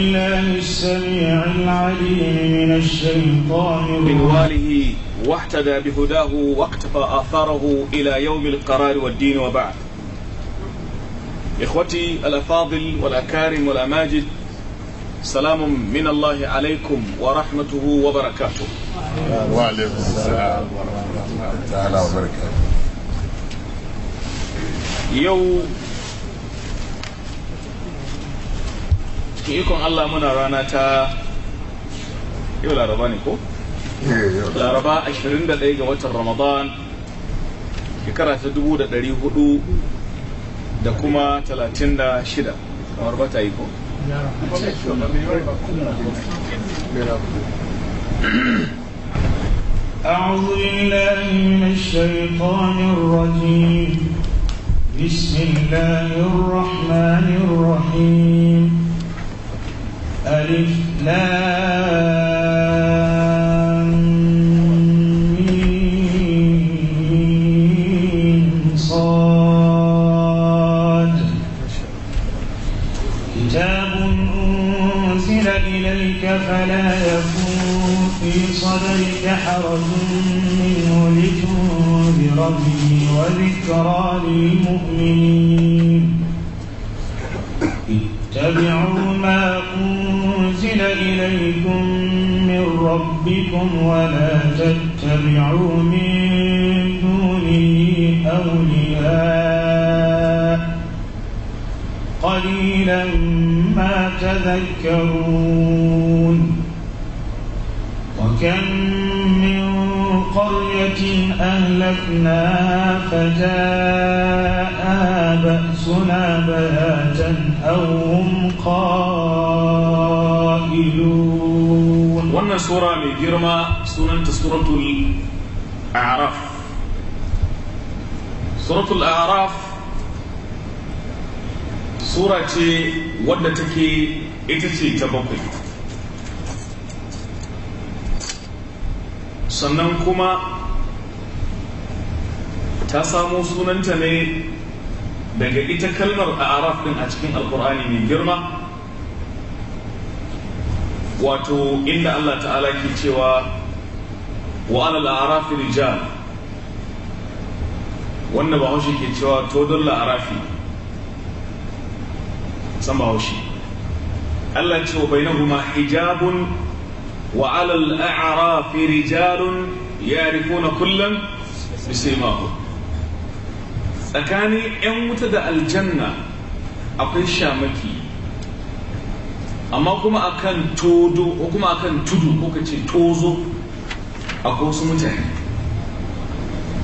السميع العليم من الشيطان بنواله واحتدى بهداه واقتفى آثاره إلى يوم القرار والدين وبعد إخوتي الأفاضل والأكارم والأماجد سلام من الله عليكم ورحمته وبركاته وعليكم السلام ورحمة الله تعالى وبركاته يوم cikin ikon Allah muna rana ta yau laraba ne ko? laraba 21 ga watan ramadan shekara ta 1400 da kuma 36 kamar ba ta yi ko? أعوذ بالله من الشيطان الرجيم بسم الله الرحمن الرحيم ألف لام صاد كتاب أنزل إليك فلا يكون في صدرك حرج منه لتنذر به وذكرى للمؤمنين اتبعوا ما قلت أنزل إليكم من ربكم ولا تتبعوا من دونه أولياء قليلا ما تذكرون وكم من قرية أهلكناها فجاءها بأسنا بياتا أو هم قائلون wannan sura mai girma sunanta suratul a'raf suratul a'raf sura ce wadda take ita ce ta bakwai sannan kuma ta samo sunanta ne daga ita kalmar a'raf din a cikin alkur'ani mai girma wato inda Allah ta'ala ke cewa wa ala la'arafi rijal wanda bahaushe ke cewa to don la'arafi san bahaushe Allah ce wa bainahuma hijabun wa ala la'arafi rijalun yarifuna kullum mako tsakanin 'yan wuta da aljanna akwai shamaki amma kuma akan todo ko kuma akan tudu ko ka ce tozo a wasu mutane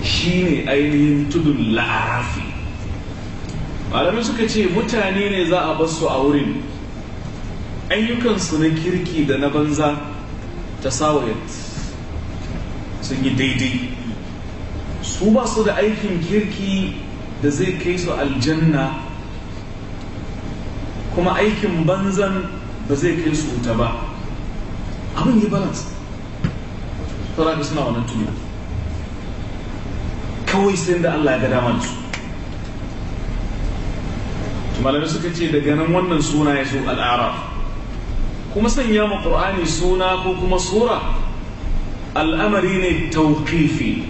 shine ainihin tudun la'arafi malamai suka ce mutane ne za a basu a wurin ayyukansu na kirki da na banza ta sawayat sun yi daidai su ba su da aikin kirki da zai kai su aljanna kuma aikin banzan ba zai kai su wuta ba abin yi balance tsara da suna wannan tuni kawai sai da Allah ya ga dama da su malamai suka ce daga nan wannan suna ya zo al'araf kuma sanya ma qur'ani suna ko kuma sura al'amari ne tauqifi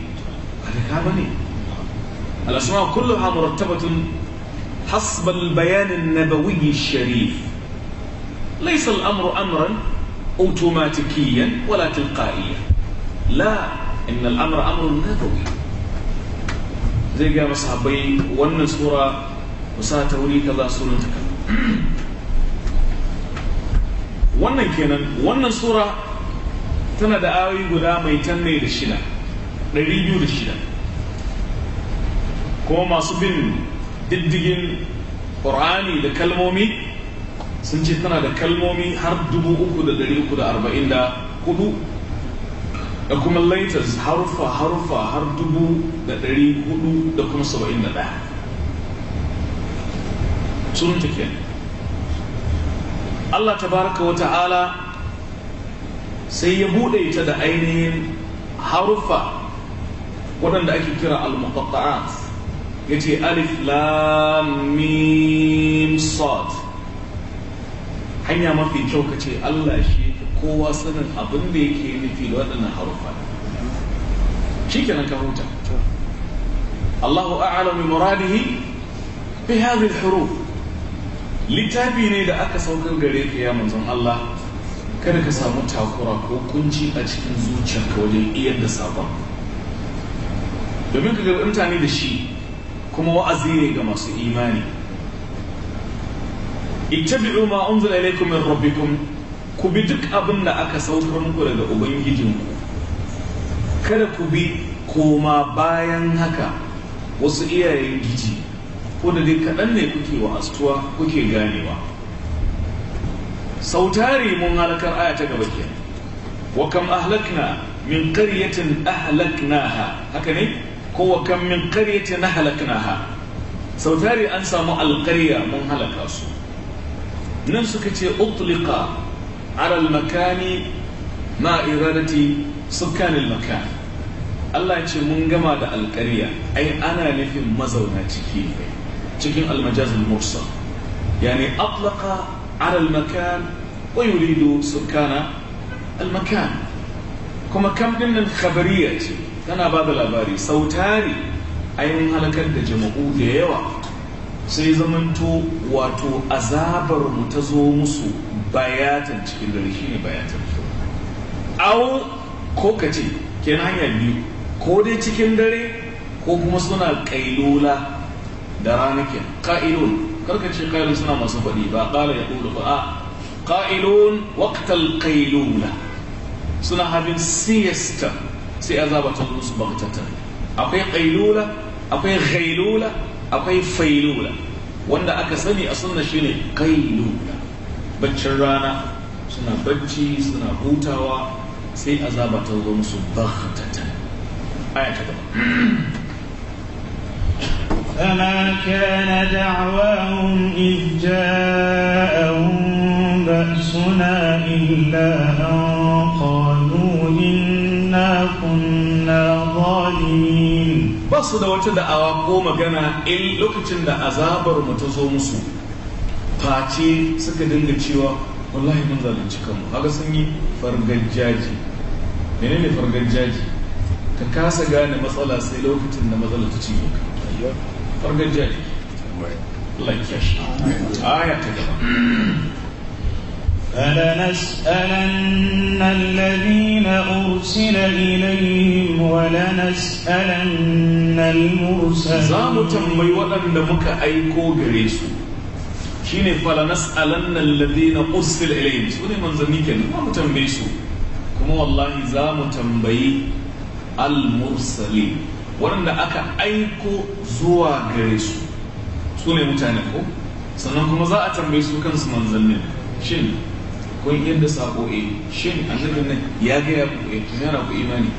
ba da ka bane al'asma kulluha murattabatun hasbal bayanin nabawi sharif ليس الأمر أمرا أوتوماتيكيا ولا تلقائيا لا إن الأمر أمر نبوي زي قام صحابي ون سورة وساة وليك الله سورة ون كنن ون سورة تنا دعاوي قدا ميتني للشلا ريبيو للشلا كوما سبين ددقين قرآني لكلمومي sun ce tana da kalmomi har 3,344 da da kuma latest harufa harufa har 471 sun take Allah ta baraka wa ta'ala sai ya buɗe ta da ainihin harufa waɗanda ake kira al-muqatta'at yace alif lam mim sad hanya mafi kyau ka ce Allah shi kowa sanin abin da yake nufi da waɗannan harufa shi ke nan kamuta Allahu a'lamu muradihi bi hadhihi al-huruf littafi ne da aka saukar gare ka ya manzon Allah kada ka samu takura ko kunci a cikin zuciyarka wajen iyar da sabon domin ka ga mutane da shi kuma wa'azi ne ga masu imani ittabi'u ma unzila ilaykum min rabbikum ku bi duk abin da aka saukar muku daga ku kada ku bi koma bayan haka wasu iyayen giji ko da dai kaɗan ne kuke wa astuwa kuke ganewa sautari mun halakar aya ta gaba ke wa kam ahlakna min qaryatin ahlaknaha haka ne ko wa kam min qaryatin ahlaknaha sautari an samu alqarya mun halaka su نمسك أطلق على المكان ما إرادة سكان المكان الله يقول من جمع القرية أي أنا نفي مزونة تكيفة تكيف المجاز المرسل يعني أطلق على المكان ويريد سكان المكان كما كم من الخبرية أنا بعض الأباري سوتاري أي من هلكت جمعوه ديوا sai zamanto wato azabar mu ta zo musu bayatan cikin dare shine bayatan au ko ka ce kenan hanya biyu ko dai cikin dare ko kuma suna kailula da ranakin? ke ka'ilun karka ce ka'ilun suna masu faɗi ba ƙala ya ƙulu ba a ka'ilun waqtal kailula suna having siesta sai azaba ta musu bagtata akwai kailula akwai ghailula akwai failula wanda aka sani a sunna shine kailula baccin rana suna bacci suna hutawa sai azaba ta zo musu bakhatatan aya ta gaba فما كان دعواهم إذ جاءهم بأسنا إلا أن su da wata da'awa ko magana in lokacin da azabar mu ta zo musu face suka dinga cewa wallahi mun zalunci kanmu haka sun yi fargajaji menene fargajaji ka kasa gane matsala sai lokacin da matsala ta cinye ka fargajaji ya aya ta gaba فلنسألن الذين أرسل إليهم ولنسألن المرسلين زامو تنمي وأن لمك أيكو غريسو شيني فلنسألن الذين أرسل إليهم سوني من زنيكن ما متنبيسو كما والله زامو تنمي المرسلين وأن أكا أيكو زوا غريسو سوني متنبيسو sannan kuma za a tambaye su kansu manzannin shin kun yadda sako e shin annabin nan ya gaya ku buɗe eh, tun yana ku imani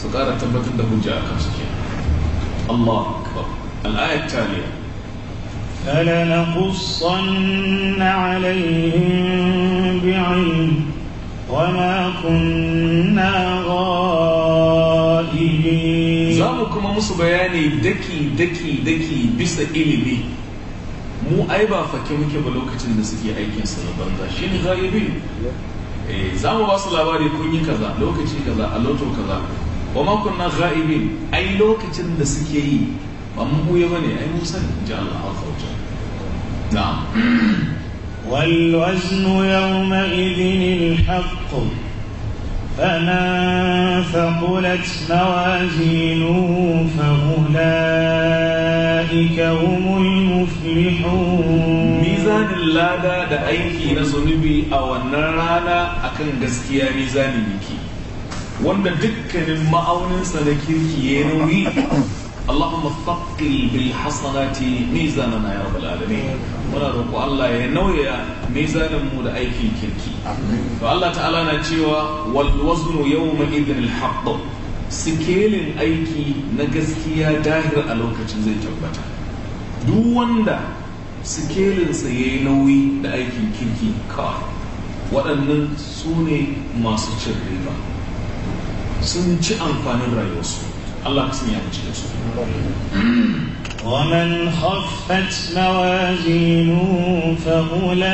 su ƙara tabbatar da hujja a kan su ke Allah akbar al'ayat taliya فلنقصن عليهم بعلم وما كنا غائبين za mu kuma musu bayani daki daki daki bisa ilimi mu ai ba fake muke ba lokacin da suke aikin su na banza shi ne za ghaibin eh, za mu ba su labari kun yi kaza lokaci kaza a lotto kaza wa ma kunna ghaibin ai lokacin da suke yi ba mu huye bane ai mu san ji Allah azza wa jalla na'am wal waznu yawma idhin al فمن ثقلت موازينه فأولئك هم المفلحون ميزان اللادا da aiki na zunubi a wannan rana akan gaskiya mizanin yake wanda dukkanin ma'auninsa na kirki ya nauyi اللهم ثقل بالحسنات ميزاننا يا رب العالمين muna roƙo Allah ya nauya mizanin mu da aikin kirki to Allah ta'ala na cewa wal waznu yawma idhin al haqq sikelin aiki na gaskiya dahir a lokacin zai tabbata duk wanda sikelin sa yayi nauyi da aikin kirki kawai waɗannan su ne masu cin riba sun ci amfanin rayuwarsu الله يقسم يعني ومن خفت موازينه فأولئك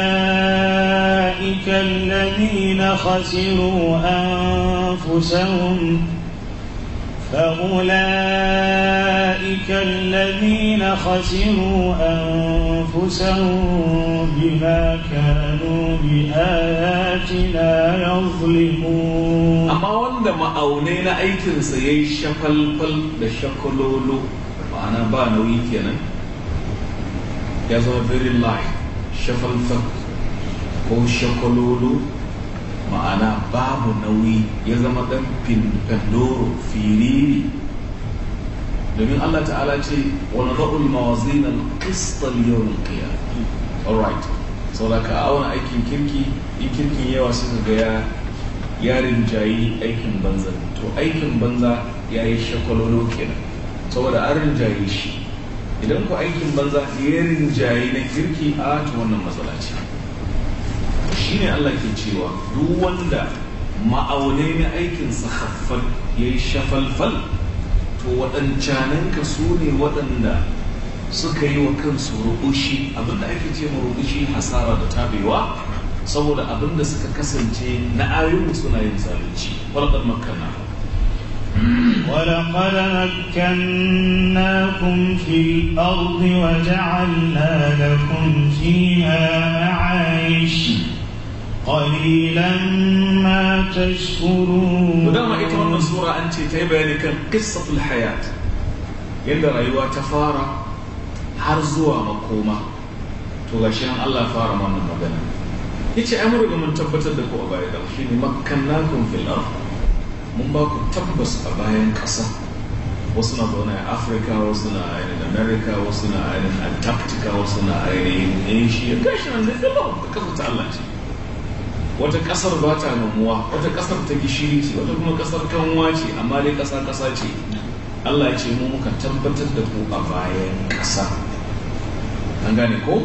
الذين خسروا أنفسهم فأولئك الذين خسروا أنفسهم بما كانوا بآياتنا يظلمون أما وند ما أونينا أي تنسى شكل قل لشكلولو معنى با نوي كنا يا زما very light شفل فك أو شكلولو ma'ana babu nauyi ya zama dan fandoro firiri domin Allah ta'ala ce wani ra'ul mawazin al-qistal yawon qiyam all so da ka auna aikin kirki in kirkin yawa suka ga ya yarin jayi aikin banza to aikin banza ya yi shakwalolo kenan saboda an rinjaye shi idan ku aikin banza ya rinjaye na kirki a wannan matsala ce shine Allah ke cewa duk wanda ma'aunai na aikinsa haffal ya yi shafalfal to waɗancananka su ne waɗanda suka yi wa kansu rubushi abinda ake ce ma rubushi hasara da tabewa saboda abinda suka kasance na ayoyin suna yin zalunci walqad makkanna ولقد مكناكم في الأرض وجعلنا لكم فيها معايش قليلا ما تشكرون ودama ita wannan sura an ce ta yi bayani kan qissatul hayat yadda rayuwa ta fara har zuwa makoma to gashi an Allah fara mana magana yace ai mun mun tabbatar da ku a baya da shi ne makkannakum fil ard mun baku tabbas a bayan kasa wasu na zaune a afirka wasu na ainihin america wasu na ainihin antarctica wasu na ainihin asia gashi nan wata kasar ba ta namuwa wata kasar ta gishiri ce wata kuma kasar kanwa ce amma dai kasa kasa ce Allah ya ce mu muka tabbatar da ku a bayan kasa an gane ko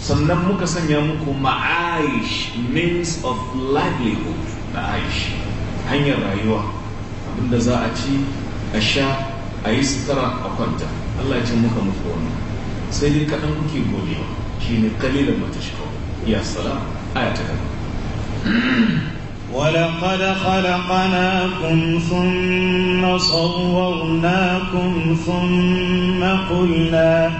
sannan muka sanya muku ma'aish means of livelihood ma'aish hanyar rayuwa abinda za a ci a sha a yi sutura a kwanta Allah ya ce muka muku wannan sai dai kaɗan kuke godewa ne kalilan mata shi ya salam aya ta gaba ولقد خلقناكم ثم صورناكم ثم قلنا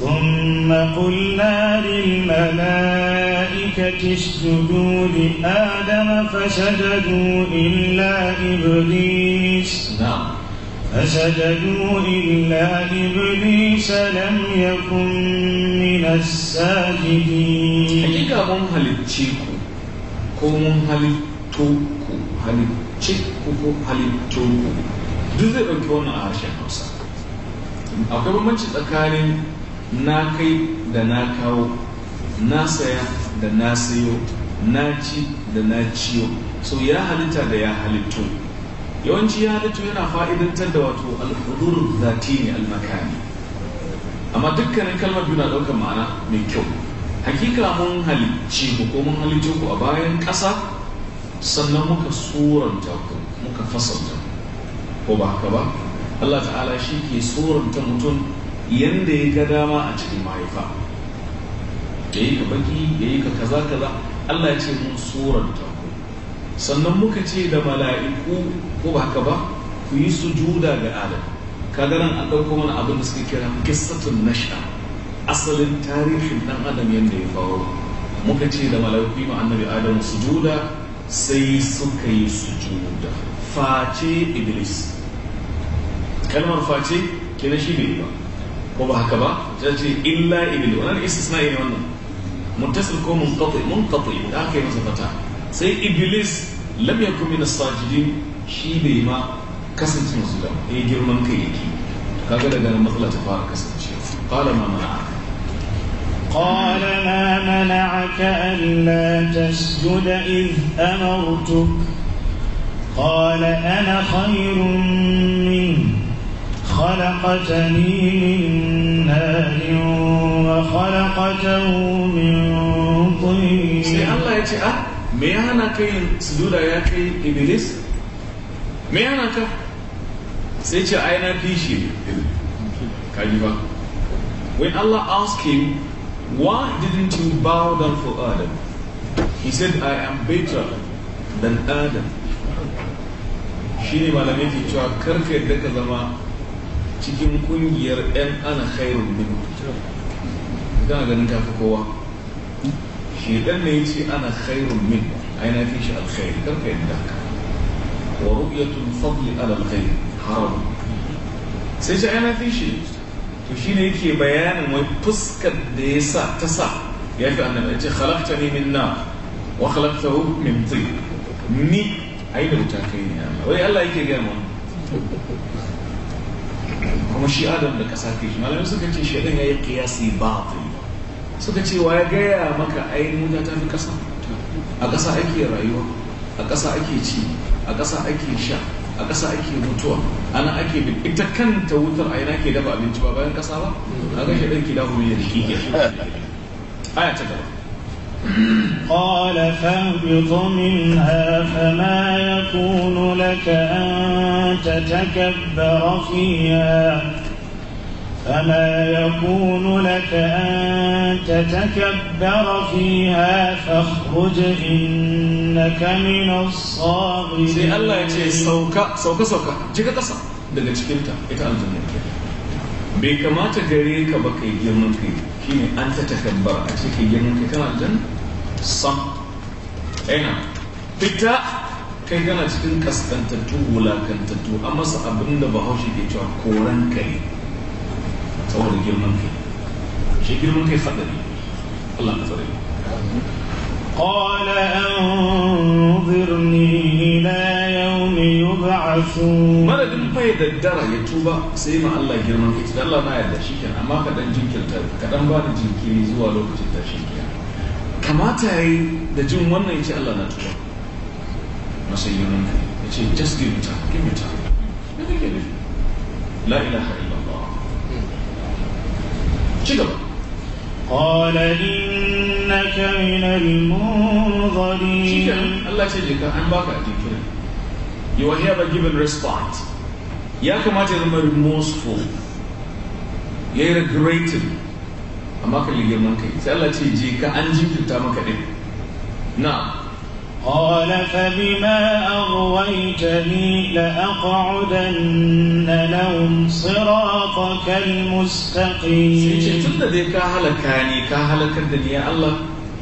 ثم قلنا للملائكة اسجدوا لآدم فسجدوا إلا إبليس نعم فسجدوا إلا إبليس لم يكن من الساجدين ko mun halitto ku halicci ku ko ku duk zai ɗauki wannan a harshen hausa akwai bambanci tsakanin na kai da na kawo na saya da na sayo na ci da na ciyo so ya halitta da ya halitto yawanci ya halitto yana fa'idantar da wato alhudur zati ne almakani amma dukkanin kalmar biyu na ɗaukar ma'ana mai kyau hakika mun halicci mu ko mun halicce ku a bayan ƙasa sannan muka suranta ku muka fasalta ko ba haka ba Allah ta'ala shi ke suranta mutum yanda ya ga dama a cikin mahaifa ya yi ka baki ya yi ka kaza kaza Allah ya ce mun suranta ku sannan muka ce da mala'iku ko ba haka ba ku yi sujuda ga Adam kaga nan an ɗauko mana abin da suke kira qissatun nash'a asalin tarihin dan adam yadda ya faru muka ce da malauki ma annabi adam sujuda sai suka yi sujuda face iblis kalmar face kina shi ne ba ko ba haka ba ta ce illa iblis wannan istisna ne wannan muttasil ko munqati munqati da aka yi masa fata sai iblis lam yakun min as-sajidin shi ne ma kasance musu da ya eh, girman kai yake kaga daga nan matsala ta fara kasance qala ma ma'aka قال ما منعك ألا تسجد إذ أمرتك قال أنا خير منه خلقتني من نار وخلقته من طين سيالله يتعى ميانك سجود ياك إبليس ميانك سيجا أين بيشي كيفا When Allah ah, asked him, Why didn't you bow down for Adam? He said, I am better than Adam. Shi ne malamai ke cewa karfe da ka zama cikin kungiyar 'yan ana khairun min. Gana ganin tafi kowa. Shi ɗan ne ya ce ana khairun min, ai na fi shi alkhairi, karfe da? ka. Wa ru'yatul fadli ala alkhairi, haram. Sai ce ai na fi shi to shi ne yake bayanin wai fuskar da ya sa ta sa ya fi annabi ya ce halakta ne min na wa halakta hu min tsi ni a yi da wuta kai ne Allah wai Allah yake gaya ma. kuma shi adam da ƙasa kai shi malamai suka ce shi ya yi ƙiyasi batil suka ce wa ya gaya maka ainihin wuta ta fi ƙasa a ƙasa ake rayuwa a ƙasa ake ci a ƙasa ake sha a ƙasa ake mutuwa ana ake bin ita kanta wutar a yana ke dafa abinci ba bayan ƙasa ba a ga shi ɗanki dafa mai jiki ke aya ta gaba قال فاهبط منها فما يكون لك أن تتكبر فيها فما يكون لك أن تتكبر فيها فاخرج إنك من الصاغرين سي الله يتي سوكا سوكا سوكا جيكا قصا daga cikinta ita aljanna ke bai kamata gare ka ba kai girman kai shine an ta takabbar a ce kai girman kai kana aljanna sam aina fita kai kana cikin kaskantattu wulakantattu an masa abinda bahaushe ke cewa koran kai saboda girman kai shi girman kai sadari Allah na bai da dara ya tuba sai ma Allah girman kai da Allah na yarda shi amma ka dan ka dan ba da zuwa lokacin ta shi kenan yi da jin wannan yace Allah na masa la ilaha ci gaba قال إنك من المنظرين Allah ce jika an baka jikin you will have a given response ya kamata ya remorseful ya yi regretting amma ka ligirman kai sai Allah ce jika an jinkirta maka ɗin na قال فبما أغويتني لأقعدن لهم صراطك المستقيم سيجتن ذي كهلكاني كهلك الدنيا الله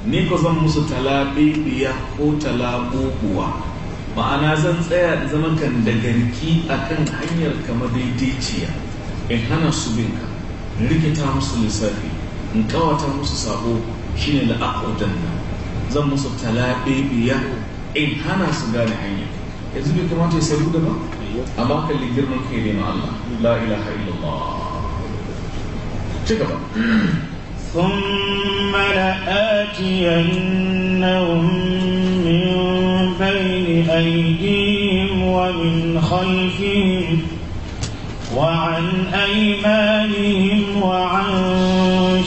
نيكو زم مسو تلابي بيا كو تلابوبوا ma'ana zan tsaya da zama kan da a kan hanyar kama daidaiciya in hana su binka in rikita musu lissafi in kawata musu sabo shine da akodan nan zan musu talabe biya in hana su gane hanya yanzu bai kamata ya salu da ba amma kalli girman kai ne ma Allah la ilaha illallah ci gaba ثم لآتينهم من بين أيديهم ومن خلفهم وعن أيمانهم وعن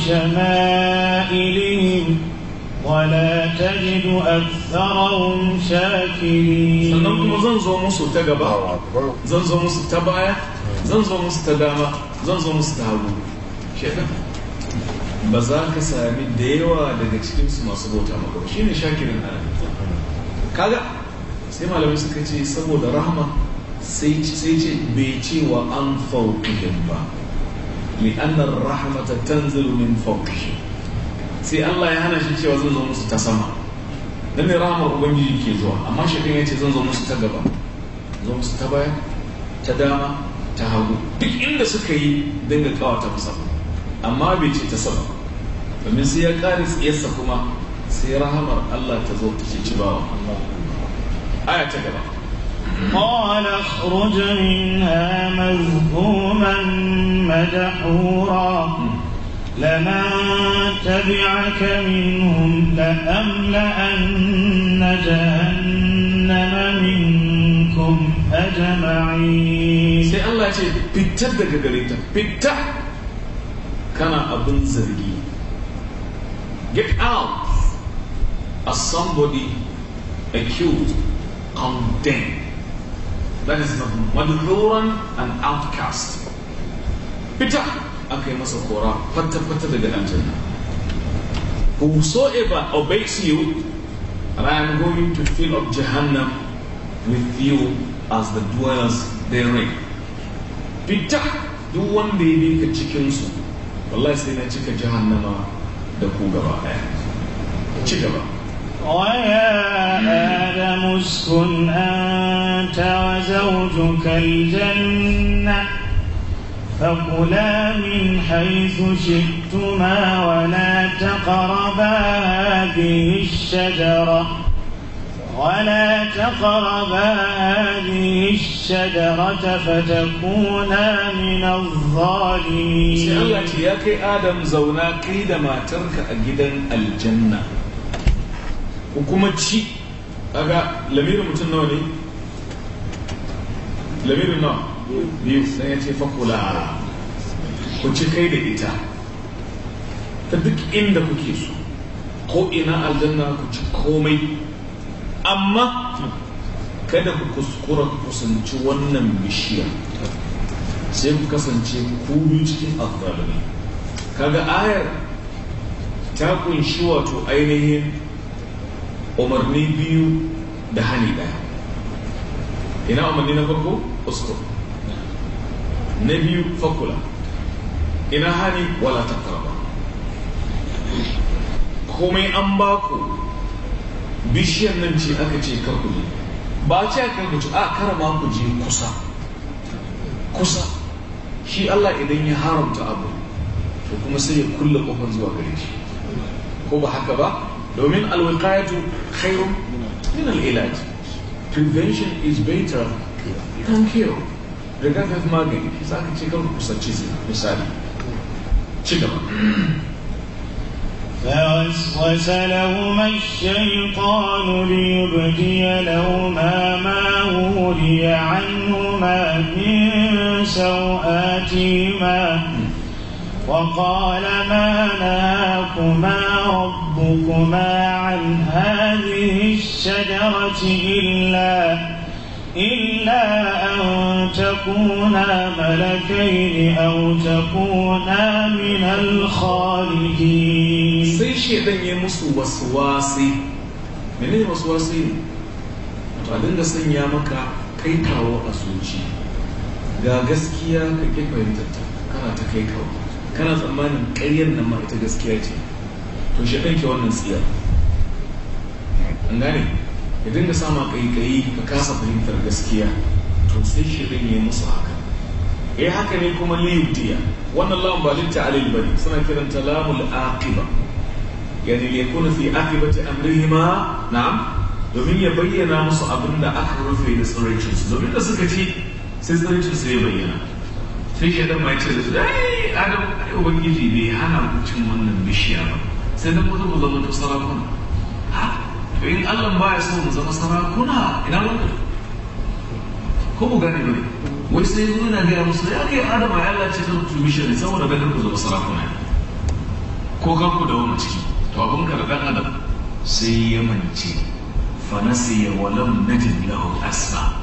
شمالهم أكثرهم شاكرين sannan kuma zan zo musu ta gaba zan zo musu ta baya zan zo musu ta dama zan zo musu ta hagu shedan ba za ka sami da yawa daga cikinsu masu bauta maka shi ne shakirin ana kaga sai malamai suka ce saboda sai ce bai an fauƙihin ba li'annar rahamata sai Allah ya hana shi cewa zan zo musu ta sama dan ne rahamar ubangiji ke zuwa amma shaitan ya ce zan zo musu ta gaba zo musu ta baya ta dama ta hagu duk inda suka yi dinga ta masa amma bai ce ta saba domin sai ya kare tsiyarsa kuma sai rahamar Allah ta zo ta ce ci bawa aya ta gaba قال اخرج منها مذءوما مدحورا لمن تبعك منهم لأملأن جهنم منكم أجمعين سي الله يقول بيتا دقا قريتا بيتا كما أبن زرقي Get out as somebody accused, condemned. That is not madhuran and outcast. Peter, aka yi masa kora fata-fata daga nan janna whosoever obeys you and I am going to fill up Jahannam with you as the dwellers therein fita duk wanda ya ka cikinsu wallahi sai na cika jahannama da ku gaba ɗaya ci gaba ويا آدم اسكن أنت وزوجك الجنة فقلا من حيث شئتما ولا تقربا هذه الشجرة ولا تقربا هذه الشجرة فتكونا من الظالمين سيئت يا كي آدم زونا كيد ما ترك أجدا الجنة وكما تشي أغا لمير متنوني لمير النوم biyu sai ya ce fakula ku ci kai da ita ta duk inda kuke so ko ina aljanna ku ci komai amma kada ku kuskura ku kusanci wannan bishiyar sai ku kasance ku bi cikin azzalumi kaga ayar ta kunshi wato ainihin umarni biyu da hani daya ina umarni na farko uskur na biyu fakula ina hani wala takarba komai an ba ku bishiyar nan ce aka ce karku je ba ce a karku ce a karama ku je kusa kusa shi Allah idan ya haramta abu to kuma sai ya kulle kofar zuwa gare shi ko ba haka ba domin alwiqayatu khairun min al prevention is better than cure da rigakafin magani za ka ce kanku فوسوس لهما الشيطان ليبدي لهما ما وري عنهما من سوآتهما وقال ما نهاكما ربكما عن هذه الشجرة إلا إلا أن تكونا ملكين أو تكونا من الخالدين sai shedan ya musu waswasi mene ne waswasi to a dinga sanya maka kai kawo a zuci ga gaskiya ka ke fahimtar fahimtarta kana ta kai kawo kana tsammanin ƙaryar nan ma ita gaskiya ce to shedan ɗanke wannan tsiyar an gane ya dinga sama kaikayi ka kasa fahimtar gaskiya to sai shirin ya musu haka eh haka ne kuma liyudiya wannan lamun ba litta alil bari suna kiran ta lamul aqiba yani li yakuna fi aqibati amrihima na'am domin ya bayyana musu abinda aka rufe da tsiraicin su domin da suka ci sai tsiraicin su ya bayyana sai shi adam mai ce da su ai adam ubangiji bai hana mu cin wannan bishiya ba sai dan mu zama to sarakuna to in ba ya so mu zama sarakuna ina ku. ko mu gane bane wai sai zo yana gaya musu ya kai adama ya Allah ce zan tubi shi ne saboda ganin ku zama sarakuna ko kan ku da wani ciki to abin ka da dan adam sai ya mance fa nasiya wa lam najid lahu asma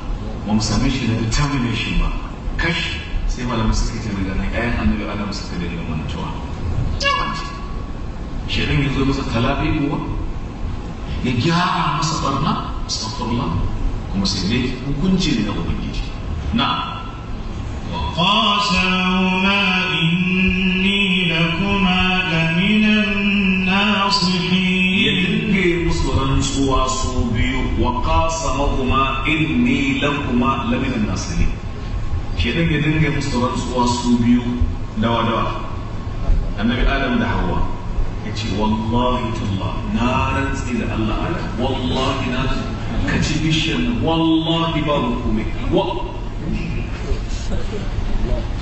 mu sami shi da tamile shi ba Kashi. sai malamin suka ce daga nan ayan annabi adam suka da mantuwa shi ne yazo masa talabi kuwa ya gyara masa barna astaghfirullah kuma sai dai hukunci ne na ubangiji na wa qasawna inni lakuma laminan nasihin ya dinke musu rantsuwa su biyu wa qasamahuma inni lakuma laminan nasihin kenan ya dinke musu rantsuwa su biyu dawa dawa annabi adam da hawa ka ce wallahi tullah na rantsi da Allah ala wallahi na ka ci bishiyar wallahi babu komai wa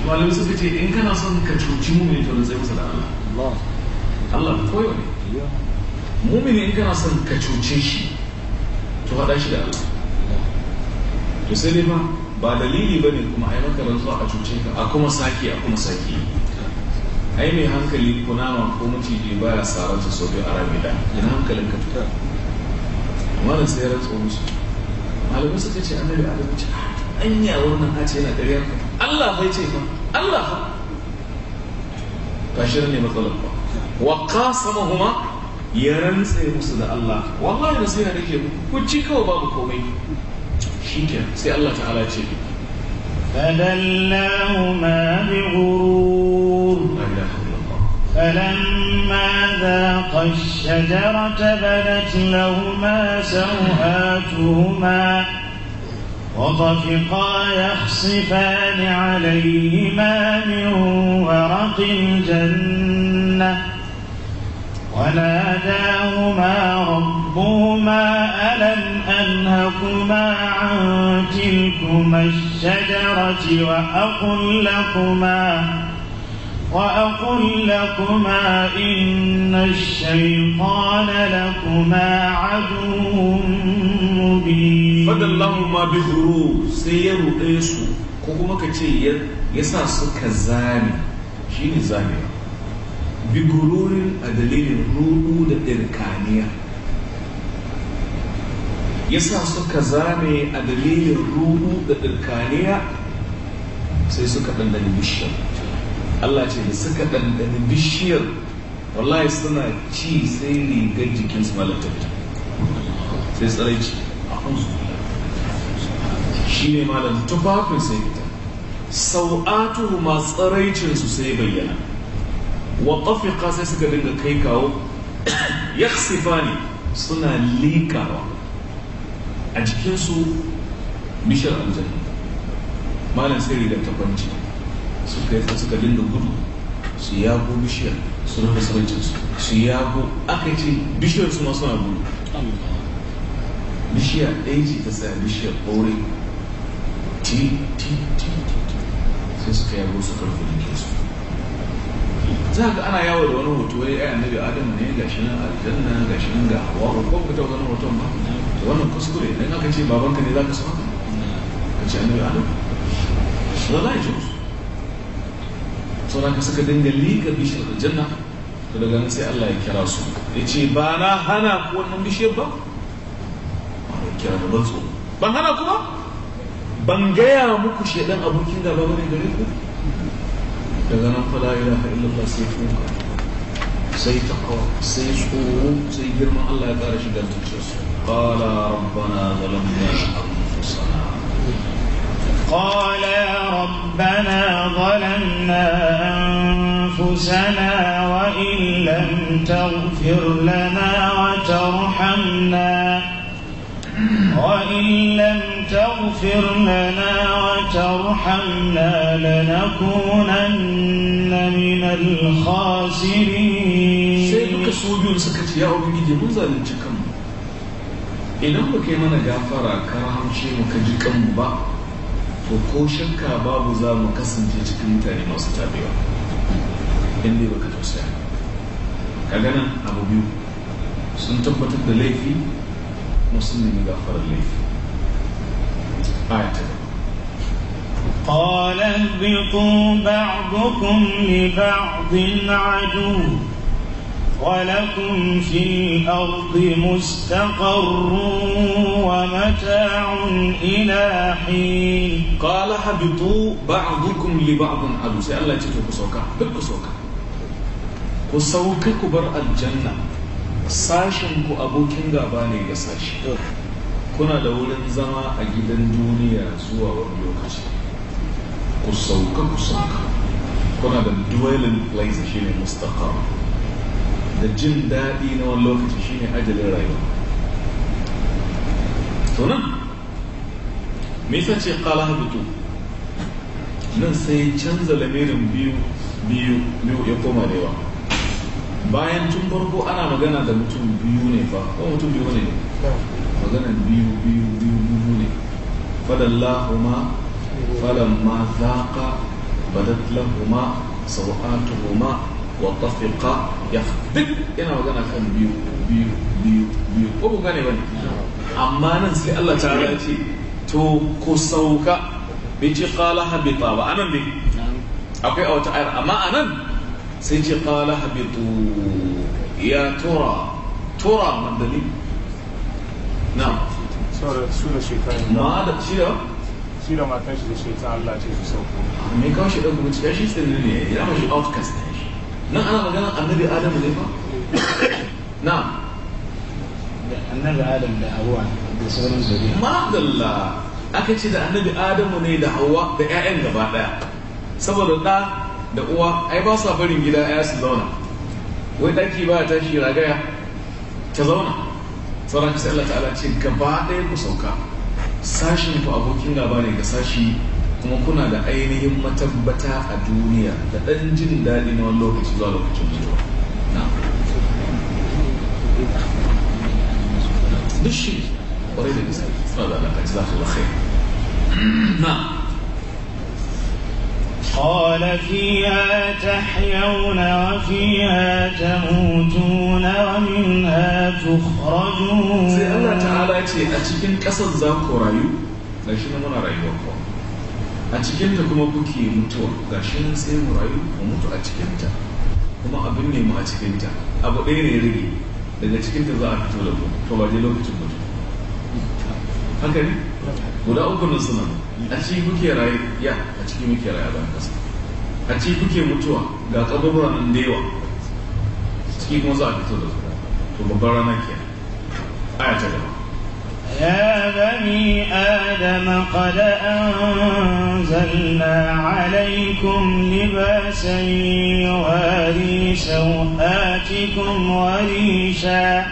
malamai suka ce in kana son ka cuci mu ne to rantsai masa da Allah Allah koyo ne mumini in kana son ka cuce shi to haɗa shi da Allah to sai dai ma ba dalili ba ne kuma a yi maka rantsuwa a cuce ka a kuma saki a kuma saki ai mai hankali kunama ko maciji ba ya sarar ta sau biyu a rami da ina hankalin ka fita wannan sai ran tsoro musu. malamin su ce annabi adam ce ah, anya wannan a ce yana ƙarya Allah bai ce fa Allah ba kashir ne matsalar ba wa sama kuma? ya rantse musu da Allah wallahi da sai na rike ku ci kawai babu komai Shi ke. sai Allah ta'ala ce فدلاهما بغرور فلما ذاق الشجرة بدت لهما سوآتهما وطفقا يخصفان عليهما من ورق الجنة وناداهما ربهما ألم أنهكما عن تلكما الشجرة وأقل لكما وأقل لكما إن الشيطان لكما عدو مبين فدلهما بغروب سيروا إيسو كوكما كتير يساسو كزاني شيني زاني بغرور أدليل الرؤو للإركانية yasa suka zame a dalilin ruɗu da ɗirkaniya sai suka ɗanɗani bishiyar Allah ce da suka ɗanɗani bishiyar wallahi suna ci sai rigar jikinsu malata sai ci a kansu shi ne malam tufafin sai fita sau'atuhu ma su sai bayyana wa ƙafiƙa sai suka dinga kai kawo ya ne suna likawa a jikinsu bishiyar aljanna malam sai rigar ta kwanci suka yi suka dinga gudu su yago bishiyar suna da sarjansu su yago aka ce bishiyar su masu na gudu bishiya ɗaya ce ta tsaya bishiyar ɓaure ti ti ti ti sai suka yago su karfi da ke su za ka ana yawo da wani hoto ya yi annabi adam ne ga shi nan aljanna ga shi nan ga hawa ko ka taɓa wani hoton ba da wannan kuskure idan aka ce babanka ne za ka san haka ka ce annabi adam za jinsu sauran ka suka dinga liƙa bishiyar aljanna to daga nan sai Allah ya kira su ya ce ba na hana ku wannan bishiyar ba ba na kira da matso. ban hana ku ba ban gaya muku shaidan abokin ba bane gare ku daga nan fa la ilaha illallah sai tsoka sai taqwa sai tsoro sai girman Allah ya ƙara shiga su qala rabbana zalamna anfusana قال يا ربنا ظلمنا أنفسنا وإن لم تغفر لنا وترحمنا وإن لم تغفر لنا وترحمنا لنكونن من الخاسرين سكت يا إن ما to ko shakka babu za mu kasance cikin mutane masu tabewa in dai baka tausaya ka ganin abu biyu sun tabbatar da laifi musulmi ne gafarar laifi ayata قال اهبطوا بعضكم لبعض عدو ولكم في الأرض مستقر ومتاع إلى حين قال حبطوا بعضكم لبعض أبو سي الله يتكلم بسوكا بسوكا وسوككوا بر الجنة ساشنكو أبو كينغا باني يساش كنا لولا زما أجد دونيا سوى وبيوكش كسوكا كسوكا كنا دويل بلايز شيء مستقر da jin daɗi na wani lokaci shine ajalin rayuwa to nan me yasa ce kala habitu nan sai canza lamirin biyu biyu biyu ya koma da yawa bayan tun farko ana magana da mutum biyu ne fa ko mutum biyu ne magana biyu biyu biyu biyu ne fadallahuma falamma zaqa badat sawatuhuma wa tafiqa yahtiq yana magana kan biyu biyu biyu biyu ko ku gane bane amma nan sai Allah ta ya to ku sauka bai ce qala habita anan ne akwai a wata ayar amma anan sai ce qala habitu ya tura tura mandali na su da shekaru ma da shi da shi da matan shi da Allah ce me shi ne ya nan ana magana annabi adamu ne fa na annabi Adam da hawa da sauran zuriya dalla aka ce da annabi adamu ne da hawa da 'ya'yan gaba daya saboda da da uwa ai ba sa barin gida ai su zauna wai daki ba tashi ragaya ta zauna sauran sai Allah ta'ala ce gaba daya ku sauka sashin ku abokin gaba ne ga sashi kuma kuna da ainihin matabbata a duniya da ɗan jin daɗi na wani lokaci zuwa lokacin mutuwa na duk shi ƙwarai da gaske suna da alaƙa za su lakai na قال فيها تحيون وفيها تموتون ومنها تخرجون سيدنا الله تعالى يتي أتكين كسر زاكو رايو لكن منا رايو a cikinta kuma kuke mutuwa shi nan sai mu rayu mu mutu a cikinta kuma abin ne mu a cikinta abu ɗaya ne rage daga cikinta za a fito da ku to ba lokacin mutu haka ne guda uku na suna a ci kuke rayu ya a cikin muke rayu a bayan kasa a ci kuke mutuwa ga kaburbura nan da yawa ciki kuma za a fito da ku to babbar rana ke aya ta gaba يا بني آدم قد أنزلنا عليكم لباسا يواري سوآتكم وريشا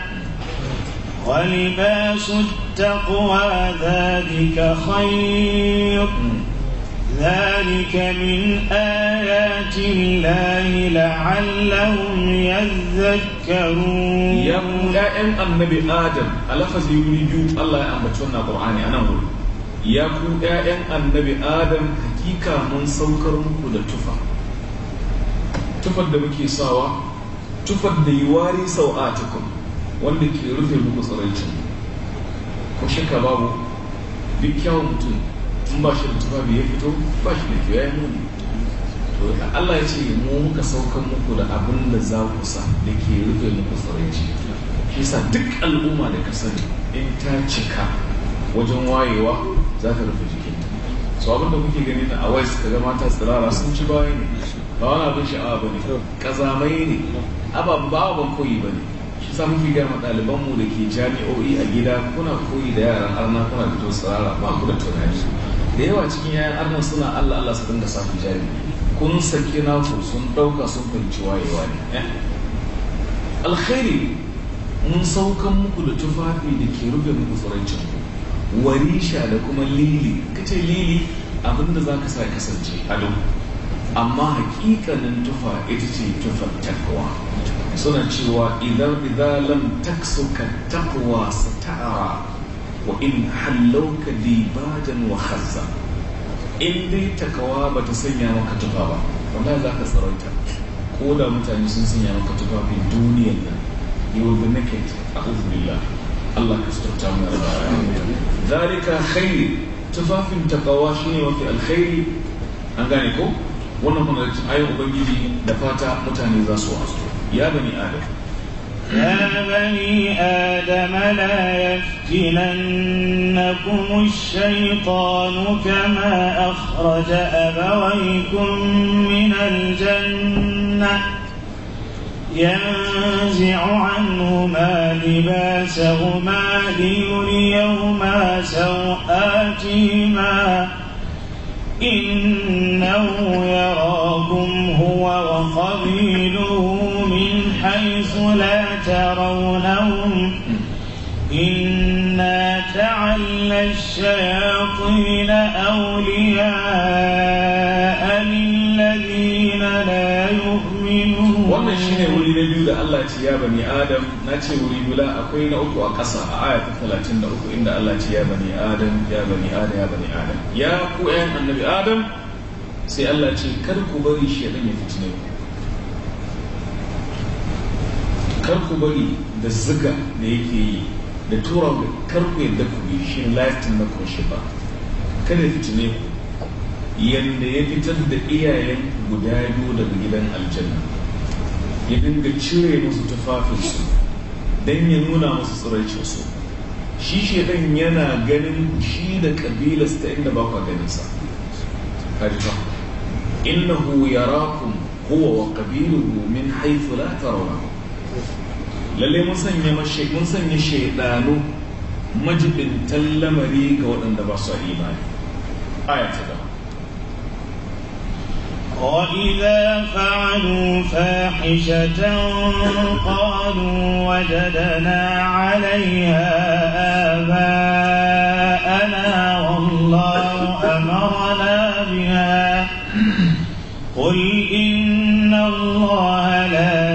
ولباس التقوى ذلك خير ذلك من آيات الله لعلهم يذكرون يا أن النبي آدم ألفز يريد الله أنبتنا قرآن أنا أقول يا أن النبي آدم حقيقة من سوكر مكودة تفا تفا دمكي ساوا تفا ديواري سوآتكم wanda ke rufe muku tsaraicin ku shaka babu duk kyawun mutum in ba da tufafi ya fito ba shi da kyau ya muni to Allah ya ce mu muka saukan muku da abin da za ku sa da ke rufe muku tsiraici shi sa duk al'umma da ka sani in ta cika wajen wayewa za ta rufe jikinta so abin da kuke gani na a west kaga mata tsirara sun ci bayan ne ba wani abin sha'awa ba ne kazamai ne ababen ba ban koyi ba ne shi sa muke gama ɗalibanmu da ke jami'o'i a gida kuna koyi da yaran arna kuna fito tsirara ba ku da tunani da yawa cikin yayan arna suna allah allah su dinga sa hijabi kun saki naku sun ɗauka sun fahimci wayewa ne eh. alkhairi mun saukan muku da tufafi da ke rufe muku wani warisha da kuma lili kace lili abinda za ka sa kasance ado amma hakikanin tufa ita ce tufar takwa suna cewa idan idan lam taksuka takwa satara ba da ديباجا وخزا in dai takawa ba ta sanya maka tufa ba za ka sarauta ko da mutane sun sanya maka tufa bin duniyan na you will be naked a'udhu billah Allah ka sarauta mu zalika khairi tufafin takawa shine mafi alkhairi an gane ko wannan kuma da ayyukan ubangiji da fata mutane za su wasu ya bani adam يا بني آدم لا يفتننكم الشيطان كما أخرج أبويكم من الجنة ينزع عنهما لباسهما ليريهما سوآتهما إنه يراكم هو وقبله يرونهم إنا جعلنا الشياطين أولياء للذين لا يؤمنون wannan shine wuri na biyu da Allah ce ya bani Adam na ce wuri bula akwai na uku a ƙasa a aya ta 33 inda Allah ce ya bani Adam ya bani Adam ya bani Adam ya ku ƴan annabi Adam sai Allah ce kar ku bari shi ya fitine ku kar ku bari da zuga da yake yi da tura da kar yadda ku bi shi lafitin na kunshi ba kada fitine ku yadda ya fitar da iyayen guda biyu daga gidan aljanna ya dinga cire musu tufafinsu don ya nuna musu tsiraicinsu shi shedan yana ganin shi da kabilarsa ta inda ba kwa ganinsa karfa innahu yarakum huwa wa qabiluhu min haythu la lalle mun sanya mashe mun sanya shedano majibin tallamari ga wadanda ba su imani aya ta gaba وإذا فعلوا فاحشة قالوا وجدنا عليها آباءنا والله أمرنا بها قل إن الله لا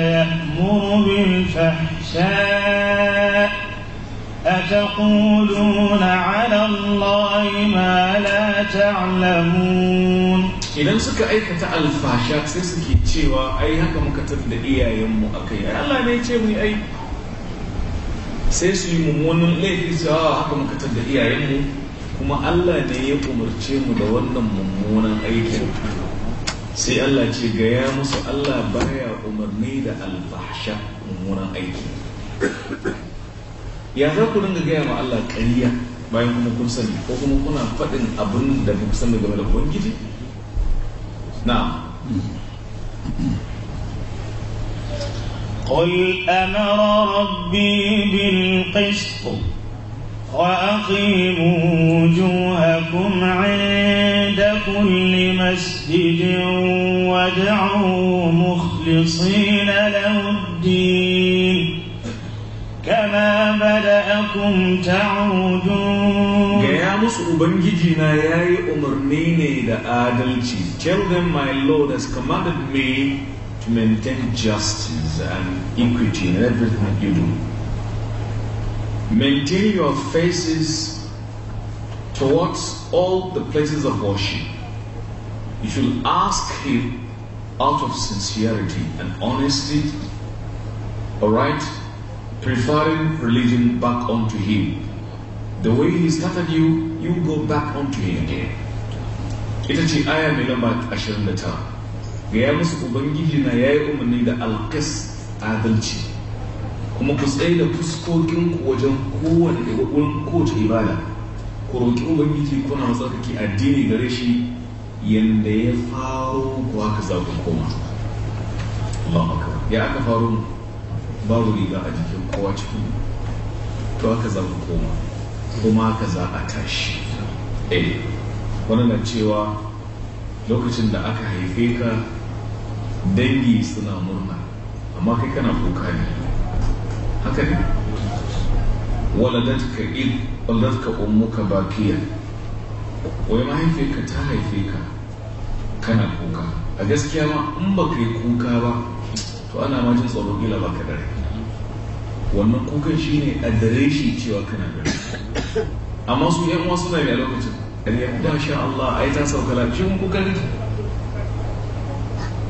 أتقولون على الله ما لا تعلمون idan suka aikata alfasha sai suke cewa ai haka muka da iyayenmu a kai ai Allah ne ya ce mu ai sai su yi mummunan laifi su ah, haka muka da iyayenmu kuma Allah ne ya umarce mu da wannan mummunan aikin sai Allah ce gaya musu Allah baya umarni da alfasha mummunan aiki ya za ku dinga gaya ma Allah ƙarya bayan kuma kun sani ko kuma kuna faɗin abin da ba ku sani game da ubangiji na قل أمر ربي بالقسط وأقيموا وجوهكم عند كل مسجد وادعوا مخلصين له الدين تعودون tell them my lord has commanded me to maintain justice and equity in everything you do maintain your faces towards all the places of worship you should ask him out of sincerity and honesty all right preferring religion back onto him. The way he started you, you go back onto him again. Ita ce aya mai lamba 29. Gaya musu Ubangiji na ya yi umarni da alƙis adalci, kuma ku tsaye da fuskokinku wajen kowane kowace ibada. Ku roƙi Ubangiji kuna tsarkake addini gare shi yadda ya faro ku haka za ku koma. Allah ya aka faro mu. babu riga a jikin kowa cikin to aka za ku koma kuma haka za a tashi eh, Wani na cewa lokacin da aka haife ka dangi suna murna amma kai kana kuka ne haka ne waladatka id waladatka ummuka bakiya wai ka ta haife ka kana kuka a gaskiya ma in ba kai kuka ba to ana ma jin tsoron gila ba ka dare wannan kukan shi ne a dare shi cewa kana da amma su yan wasu na a lokacin ya kuma sha Allah a ai ta sauka kuka ne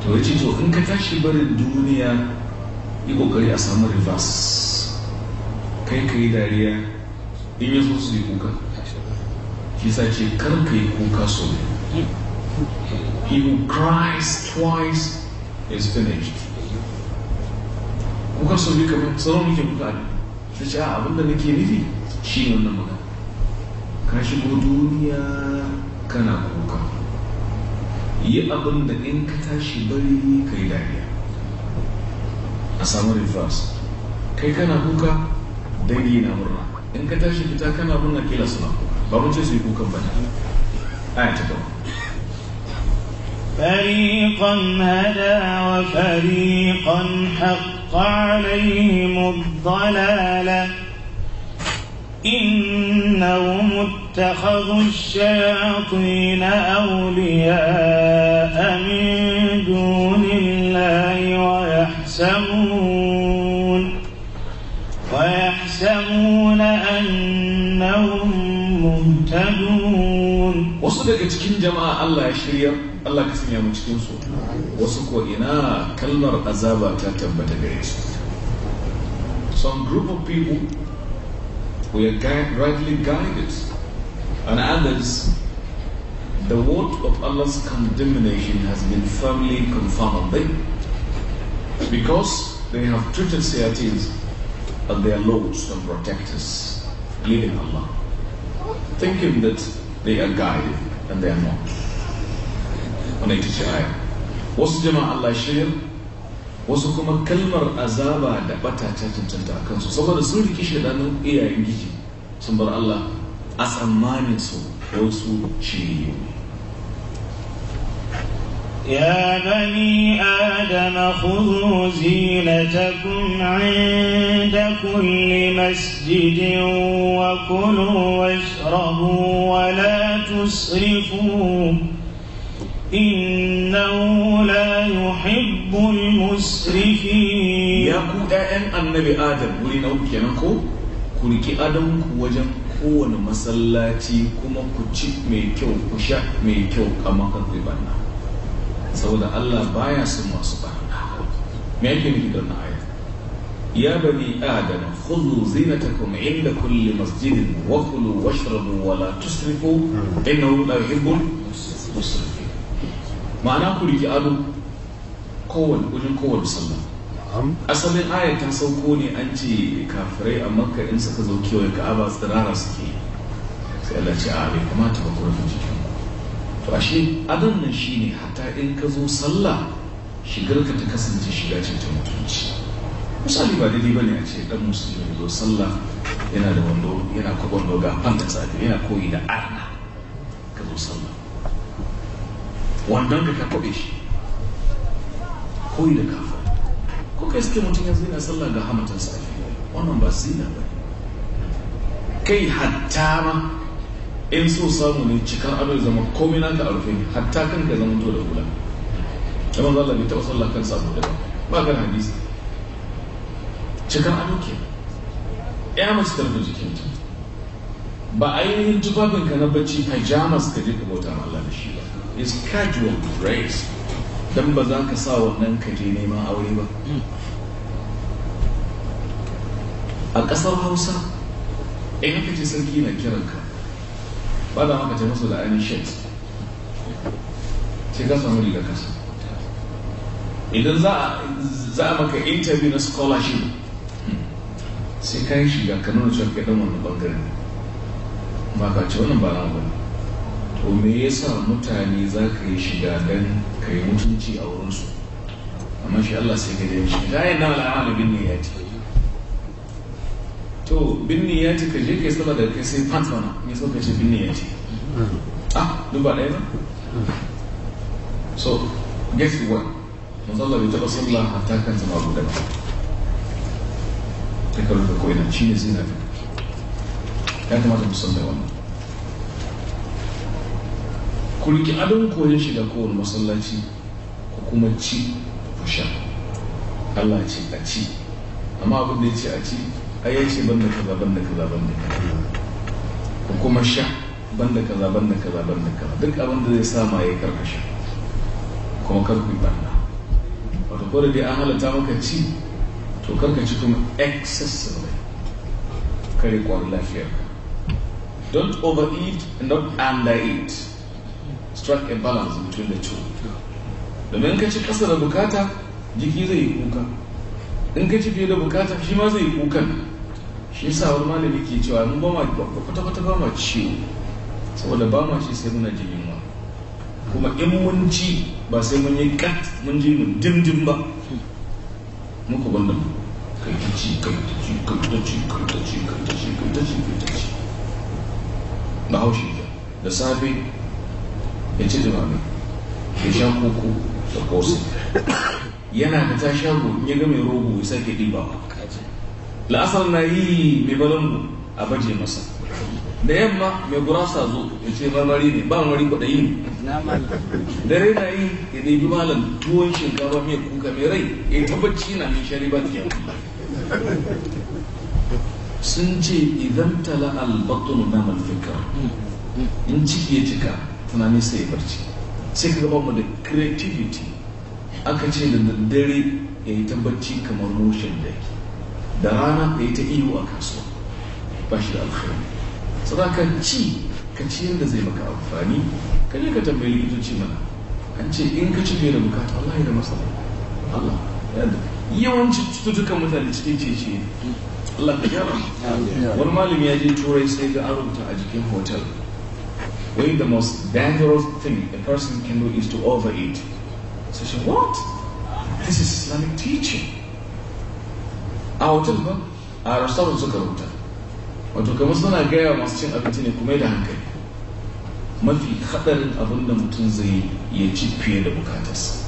to ya ce to in ka tashi barin duniya yi kokari a samu rivers kai ka yi dariya in ya so su yi kuka shi sa ce kar ka yi kuka so he who cries twice is finished kuka so ni kamar tsaron nake kuka ne Su ce a abinda nake nufi shi ne wannan magana ka shigo duniya kana kuka yi abin da in ka tashi bari ka yi dariya a samu reverse kai kana kuka dangi na murna in ka tashi fita kana murna kila suna ba mun ce su yi kukan ba aya ta gaba فريقا هدى وفريقا حق حق عليهم الضلالة إنهم اتخذوا الشياطين أولياء من دون الله ويحسبون ويحسبون أنهم مهتدون وصدقت كن جماعة الله يشريهم Allah ka sanya mu cikin su wasu ko ina kalmar azaba ta tabbata gare su some group of people were gui rightly guided and others the word of Allah's condemnation has been firmly confirmed on them because they have treated Sayyatins as their lords and protectors, leaving Allah, thinking that they are guided and they are not. wannan ita ce aya wasu jama'a Allah shayar wasu kuma kalmar azaba da bata ta cancanta a kansu saboda sun riki shaidanin iyayen giji sun bar Allah a tsammanin su wasu shiriyu يا بني آدم خذوا زينتكم عند كل مسجد وكلوا واشربوا ولا تسرفوا إنه لا يحب المسرفين يا كو أن النبي آدم ولي أوك يا نكو ku riƙi adonku wajen kowane masallaci kuma ku ci mai kyau ku sha mai kyau kamar kan ribanna saboda Allah baya son masu barna me yake nufi da wannan aya ya bani adam khudhu zinatakum inda kulli masjidin wa kulu washrabu wa la tusrifu innahu la yuhibbul ma'ana ku riki ado kowane wajen kowane sallah asalin ayar ta sauko ne an ce kafirai a makka in suka zo kewaye ka'aba tsirara suke sai Allah ce a bai kamata ba kuma jikin to ashe adon nan ne hata in ka zo sallah shigar ka ta kasance shiga ce ta mutunci misali ba daidai ba ne a ce dan musulmi zo sallah yana da wando yana kwabon doga fanta tsafi yana koyi da arna ka zo sallah Wannan ka ka kwabe shi koyi da kafa ko kai suke mutum ya zina sallah ga hamatan safi wannan ba zina ba kai hatta ma in so samu ne cikar ado zama komai naka a rufe hatta kan ka zama to da hula kamar zalla bai taɓa sallah kan sa da ba ba kan hadisi cikar ado ke ya mace tarbi jikinta ba ainihin tufafinka na bacci pajamas ka je ka bauta Allah da shi ba is casual race don ba za ka sa wannan ka je neman aure ba a ƙasar hausa in ka ce sarki na kiranka ba da maka ce masa la'anin shet sai ka samu riga kasa idan za a maka interview na scholarship sai ka yi shiga ka nuna cewa kai ɗan wannan bangaren ba ka ce wannan ba na bane to me yasa mutane za ka yi shiga don ka yi mutunci a wurinsu amma shi Allah sai ka dai shi ta na al'amalu bin niyyati to bin niyyati ka je ka yi sallah da kai sai fat mana me so ka ce bin niyyati hmm. ah duba ɗaya ba so guess what mazalla bai taɓa sallah hatta kan zama guda ba ta karuka ko ina shi ne zina ya kamata mu san wannan Kulki adon koyon shi da kowane masallaci ku kuma ci ku sha Allah ce a ci amma abin da ya ce a ci a ya ce banda kaza banda kaza banda kaza ku kuma sha banda kaza banda kaza banda kaza duk abin da zai sama ya karkasha kuma kar ku yi barna wato ko da ya an halatta maka ci to karka ci kuma excessively kare kwan lafiyar. don't overeat and not undereat strike a balance between the two domin ka ci ƙasa da bukata jiki zai yi kuka in ka ci fiye da bukata shi ma zai yi kukan shi yasa wani malami ke cewa mun ba ma kwata-kwata ba ma ciwo saboda ba ma ci sai muna jin ma kuma in mun ci ba sai mun yi kat mun ji mun dimdim ba muku gwanda mu kai ta ci kai ta ci kai ta ci kai ta ci kai ta ci kai ta ci kai ta ci bahaushe da safe ya ci zumami ya sha kuku da kosai yana da ta shago in ya ga mai rogo ya sake dibawa. la'asar na yi mai balangu a baje masa da yamma mai gurasa zo ya ce marmari ne ba marmari kwaɗayi ne dare na yi ya ɗebi malam tuwon shinkafa mai kuka mai rai ya tabbaci na mai shari ba ta sun ce idan tala albatun na malfika mm, mm. in ciki ya cika tunani sai ya barci sai ka gaba da creativity aka ce da daddare ya yi ta barci kamar motion da yake da rana ka yi ta iyo a kasuwa ba shi da alkhairi sadaka ci ka ci yadda zai maka amfani ka je ka tambayi likitoci mana an ce in ka ci da bukata Allah ya da masala Allah yawanci cututtukan mutane cikin cece Allah ka gyara wani malami ya je turai sai ga arunta a jikin hotel when the most dangerous thing a person can do is to overeat. So she said, what? This is Islamic teaching. A ah, hotel ba, a ah, restaurant suka rubuta. Wato kamar suna gaya masu cin abinci ne kuma da hankali. Mafi haɗarin abin da mutum zai ya ci fiye da bukatarsa.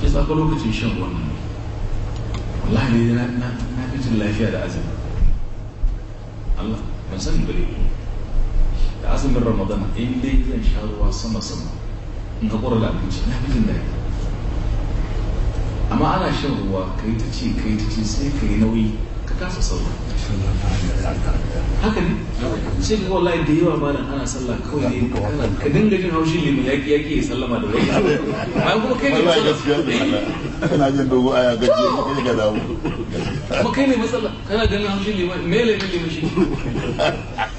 Ki tsaka lokacin shan wannan ne. Wallahi ne na fi jin lafiya da azumi. Allah, ban sani ba ne. da azumin ramadana in dai zan sha ruwa sama sama in ka ƙura abinci na fi jin amma ana shan ruwa ka yi ta ce ka yi ta ce sai ka yi nauyi ka kasa sauwa haka ne sai ka layin da yawa malam ana sallah kawai ne ka dinga jin haushi ne mai yaki yaki ya sallama da wani ba kuma kai ne matsala kana jin dogo kai ga dawo kuma kai ne matsala kana ganin haushi ne mai shi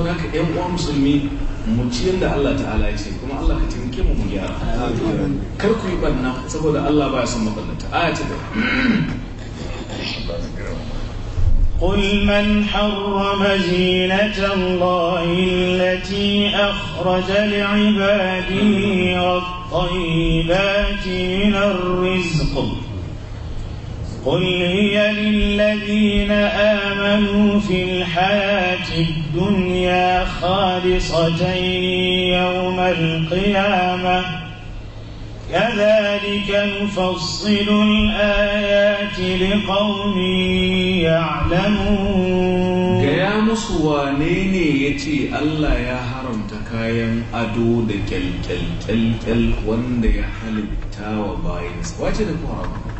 هناك ان مسلمي متين ده الله تعالى يتي كما الله كتمكي مو مغيا كركو يبنا سبوده الله با يسمى بنت ايه قل من حرم زينة الله التي أخرج لعباده والطيبات من الرزق قل هي للذين آمنوا في الحياة الدنيا خالصة يوم القيامة كذلك نفصل الآيات لقوم يعلمون كيا مصوانيني يتي الله يا حرم تكايا أدو دكال دي حالي بتاوى باينس واجه دكوها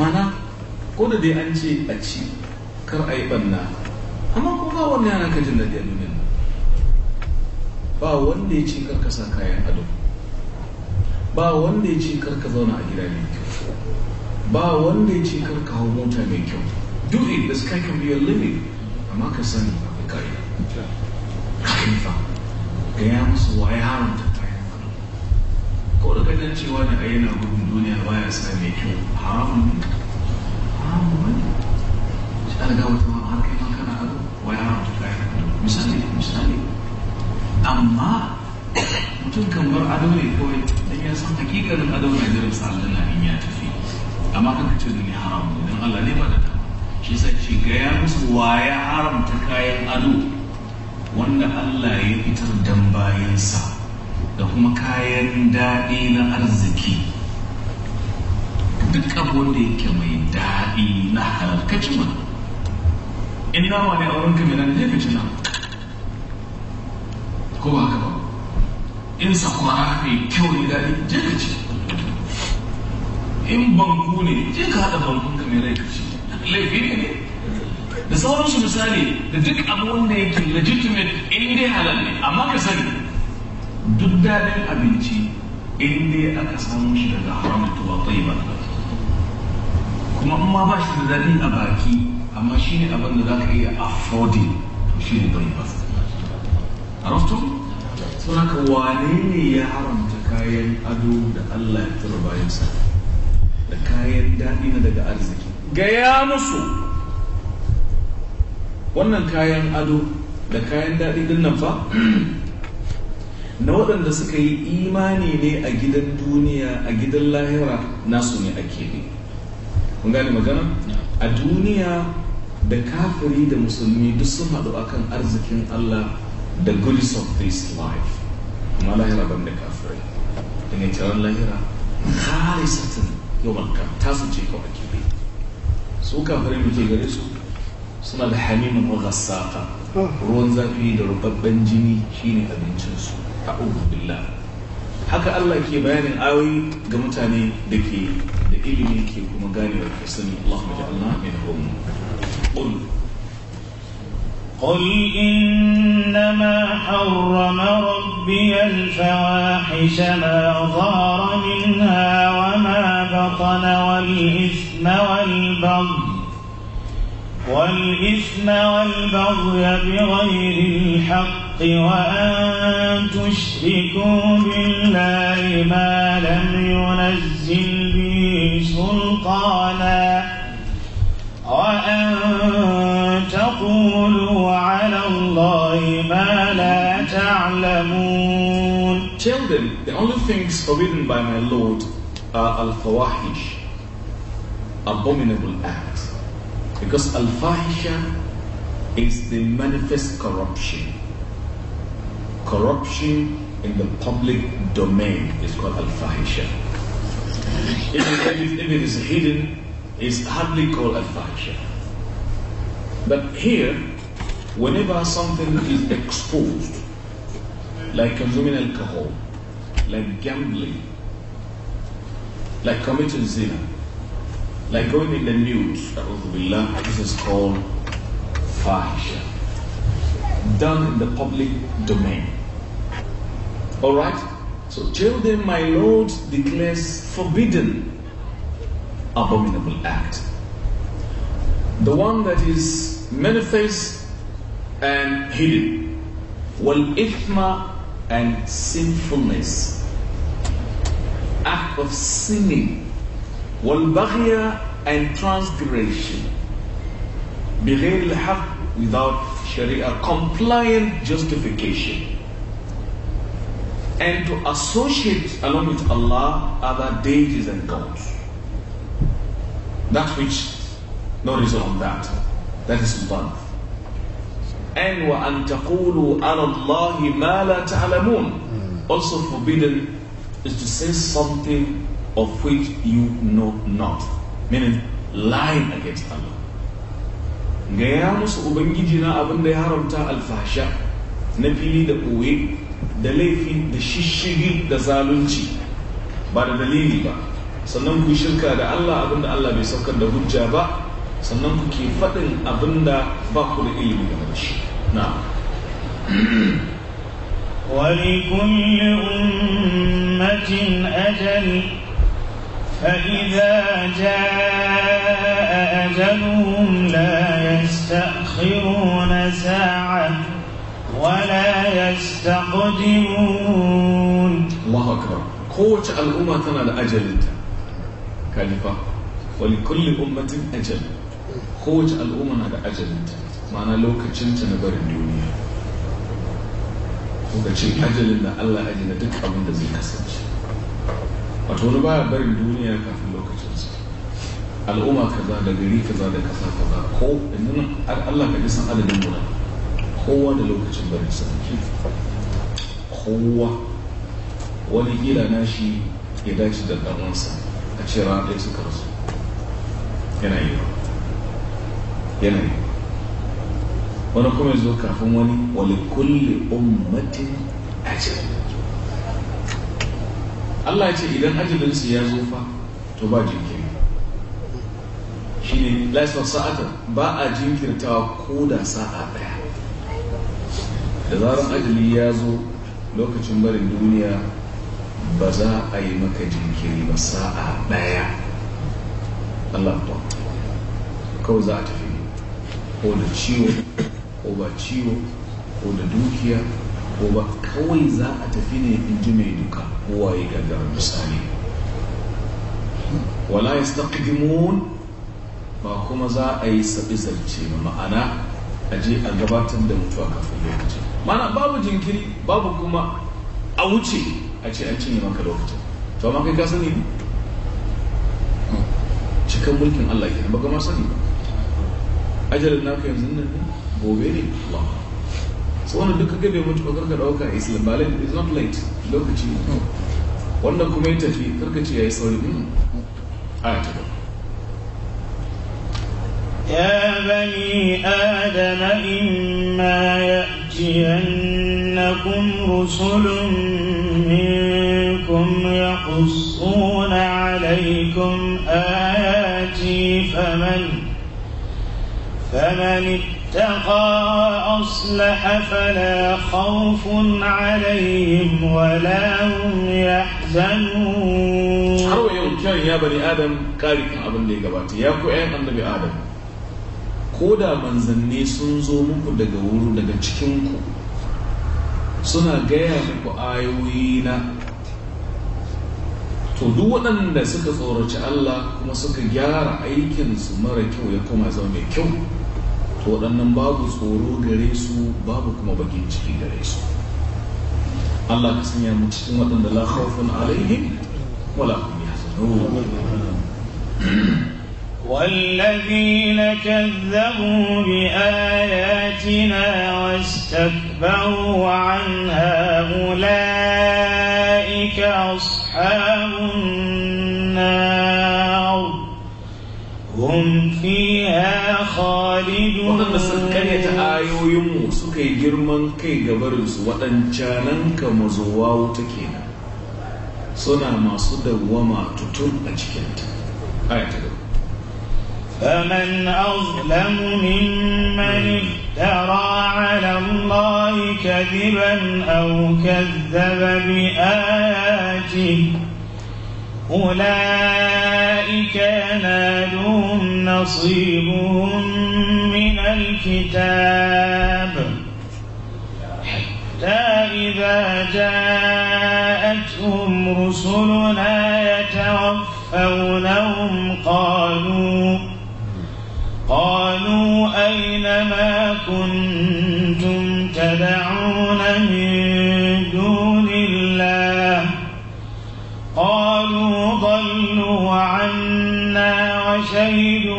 mana ko da dai an ce a ci kar a yi banna amma ko ba wannan yana ka jin daɗi a ba wanda ya ce kar ka sa kayan ado ba wanda ya ce kar ka zauna a gida mai kyau ba wanda ya ce kar ka hau mota mai kyau do it the sky can be your limit amma ka sani ba ka akwai Ka ka'ida fa ga ya musu waye haramta dan cewa da ayyana gudun duniya ya sa mai kyau haramun ne haramun ne shi an ga wata ma har kai ma kana Wa wai haramun ta kai misali misali amma mutum kan bar ado ne kawai dan ya san hakikanin ado ne da rasa na in ya tafi amma kan kace ne haramun ne dan Allah ne ba da ta shi sai ce ga ya musu waya haramta kayan ado wanda Allah ya fitar dan bayansa da kuma kayan daɗi na arziki duk abuwan da yake mai daɗi na halal ka ci mana in nama ne a wurin ka mai ne ka ci ko ba ka ba in sakwara mai kyau ne daɗi je ka ci in banku ne je ka haɗa bankun ka mai rai ka ci laifi ne ne da sauransu misali da duk abuwan da yake legitimate in dai halal ne amma ka sani duk daɗin abinci in dai aka samu shi daga haramta, to ba ba kuma in ma ba shi da daɗi a baki amma shi ne abin da za ka iya affording to shi ne tsayi ba arafto sun wane ne ya haramta kayan ado da allah ya tura bayansa da kayan daɗi na daga arziki gaya musu wannan kayan ado da kayan daɗi din nan fa na waɗanda suka yi imani ne a gidan duniya a gidan lahira nasu ne ake ne kun gane magana a duniya da kafiri da musulmi duk sun haɗu kan arzikin Allah the goodies of this life kuma lahira ban da kafirai da ne taron lahira satin yau malka ta su ce kawai ake ne su kafirai muke gare su suna da hamimin wa ruwan zafi da rubabben jini shine abincinsu أعوذ بالله حكى الله كي بيان الأوي جمتاني دكي دكي لي كي كم قال الله جعلنا منهم قل قل إنما حرم ربي الفواحش ما ظهر منها وما بطن والإثم والبغي والإثم والبغي بغير الحق وأن تشركوا بالله ما لم ينزل به سلطانا وأن تقولوا على الله ما لا تعلمون Tell them the only things forbidden by my Lord are al-fawahish, abominable acts. Because al-fahisha is the manifest corruption. Corruption in the public domain is called al-fahisha. if, if it is hidden, it's hardly called al-fahisha. But here, whenever something is exposed, like consuming alcohol, like gambling, like committing zina, like going in the nude, this is called fahisha. Done in the public domain. Alright? So till then my Lord declares forbidden abominable act. The one that is manifest and hidden. Wal ithma and sinfulness. Act of sinning والبغي and transgression بغير الحق without Sharia compliant justification and to associate along with Allah other deities and gods. That which, no reason on that. That is done. And wa an taqulu ala Allahi ma la hmm. Also forbidden is to say something of which you know not meaning lying against Allah gaya musu ubangiji na abinda ya haramta alfasha na fili da ɓoye da laifi da shishiri da zalunci ba da dalili ba sannan ku shirka da Allah abinda Allah bai saukar da hujja ba sannan ku ke faɗin abinda ba ku da ilimi da shi na ولكل أمة أجل فإذا جاء أجلهم لا يستأخرون ساعة ولا يستقدمون الله أكبر قوت الأمة الأجل كلفة ولكل أمة أجل قوت الأمة الأجل معنى لو كنت نبر الدنيا وكنت أجل إن الله أجل دك أبن abin da wato wani baya barin duniya kafin lokacinsa al'umma kaza da gari kaza da kasa kaza ko yanzu Allah ka ji san adadin mu kowa da lokacin barin sa kowa wani na shi ya dace da dan a ce ran ɗaya suka rasu yana yi yana yi wani kuma ya zo kafin wani wali kulli ummatin ajal Allah ya ce idan ajalinsu ya zo fa to ba jinkiri shi ne laifin sa'ata ba a jinkirtawa ko da sa'a daya da zarar ajali ya zo lokacin barin duniya ba za a yi maka jinkiri ba sa'a daya Allah ba kawai za a tafi ko da ciwo ko ba ciwo ko da dukiya ko ba kawai za a tafi ne in ji mai duka waye ga misali wala yastaqdimun ba kuma za a yi sabi zarce ma'ana a je a gabatar da mutuwa kafin lokaci mana babu jinkiri babu kuma a wuce a ce an cinye maka lokacin to amma kai ka sani ne cikin mulkin Allah kenan baka ma sani ba ajalin naka yanzu nan ne gobe ne Allah so wannan duka ga bai mutu ba ka dauka islam ba late is not late lokaci wannan kuma ya tafi karka ce yayi sauri din hmm. a ta ba يا بني آدم إما يأتينكم رسل منكم يقصون عليكم آياتي فمن فمن اتقى أصلح فلا خوف عليهم ولا هم يحزنون har wa yau kiran ya bani adam kari kan abin da ya gabata ya ku ƴan annabi adam ko da manzanni sun zo muku daga wuri daga cikinku suna gaya muku ayoyi na to duk waɗanda suka tsoraci Allah kuma suka gyara aikinsu mara kyau ya koma zama mai kyau to waɗannan babu tsoro gare su babu kuma bakin ciki gare su Allah ka sanya mu cikin waɗanda la khawfun alaihim wala hum yahzanun والذين كذبوا بآياتنا واستكبروا عنها أولئك أصحاب النار خالد وقد سكر يتآيو يموس كي جرمان كي غبرز وطن چانن كمزواو تكينا سنا ما صد وما تطل أجكنت آية فمن أظلم ممن افترى على الله كذبا أو كذب بآياته أولئك نالهم نصيبهم من الكتاب حتى إذا جاءتهم رسلنا يتوفونهم قالوا قالوا أين ما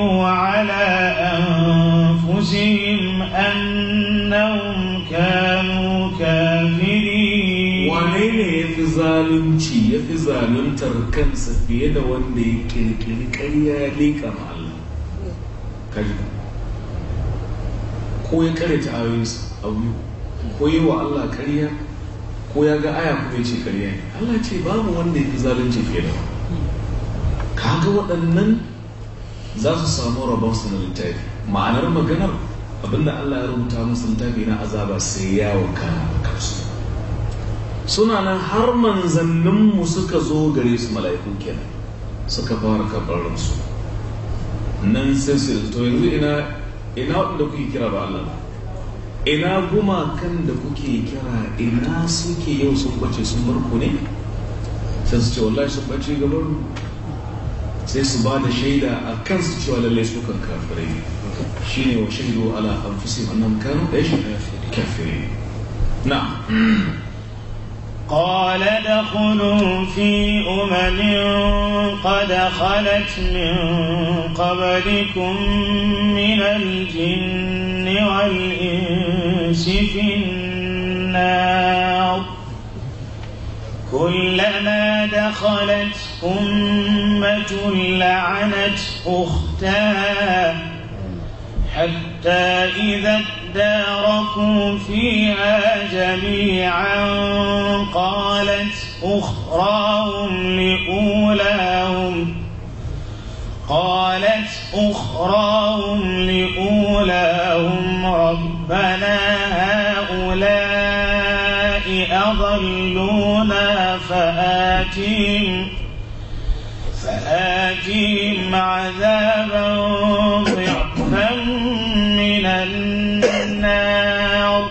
علموا على أنفسهم أنهم كانوا كافرين ولين يفي ظالمتي يفي ظالم تركن سفيد وندي كيركيري كريا ليك الله كجد ko ya karyata ayoyinsa a biyu ko yi wa Allah karya ko ya ga aya kuma ya ce karya ne Allah ce babu wanda ya fi zalunci fiye da ga waɗannan za su samu rabon su na littafi ma'anar maganar abinda Allah ya rubuta musu littafi na azaba sai ya wuka a kansu suna nan har manzanninmu suka zo gare su mala'ikun kenan suka fara karɓar su nan sai su to yanzu ina ina waɗanda kuke kira ba Allah ba ina gumakan da kuke kira ina suke yau sun bace sun murku ne sai su ce wallahi sun bace gaban sai su ba da shaida a kansu cewa lallai su kan kafirai shine wa shaidu ala anfusihim annahum kanu ايش kafirin نعم قال ادخلوا في أمم قد خلت من قبلكم من الجن والإنس في النار كلما دخلت أمة لعنت أختها حتى إذا اداركوا فيها جميعا قالت أخراهم لأولاهم قالت أخراهم لأولاهم ربنا هذا فآتهم فآتهم عذابا ضعفا من النار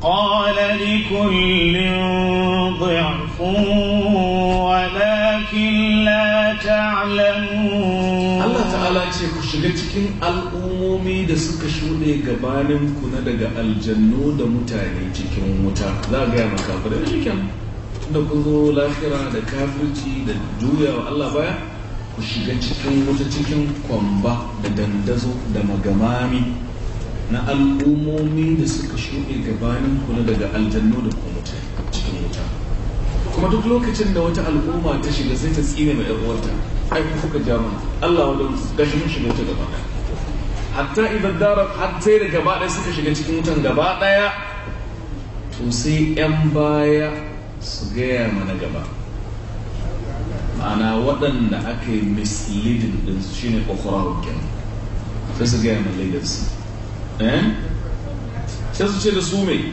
قال لكل ضعف ولكن لا تعلمون الله تعالى ce ku shiga cikin al'ummomi da suka shuɗe gabanin ku na daga aljannu da mutane cikin wuta za a gaya maka da shi kenan tunda kun zo lahira da kafirci da juyawa Allah baya ku shiga cikin wata cikin kwamba da dandazo da magamami na al'ummomi da suka shuɗe gabanin kula daga aljannu da kuma cikin wuta kuma duk lokacin da wata al'umma ta shiga sai ta tsine mai uwarta ai ku kuka ja Allah wadda gashi mun shiga wuta gaba hatta idan darar hatta da gaba ɗaya suka shiga cikin wutan gaba ɗaya to sai 'yan baya su gaya mana gaba ma'ana waɗanda aka yi misleading din su shine ƙwaƙwararru kenan sai su gaya mana leaders eh? sai su ce da su mai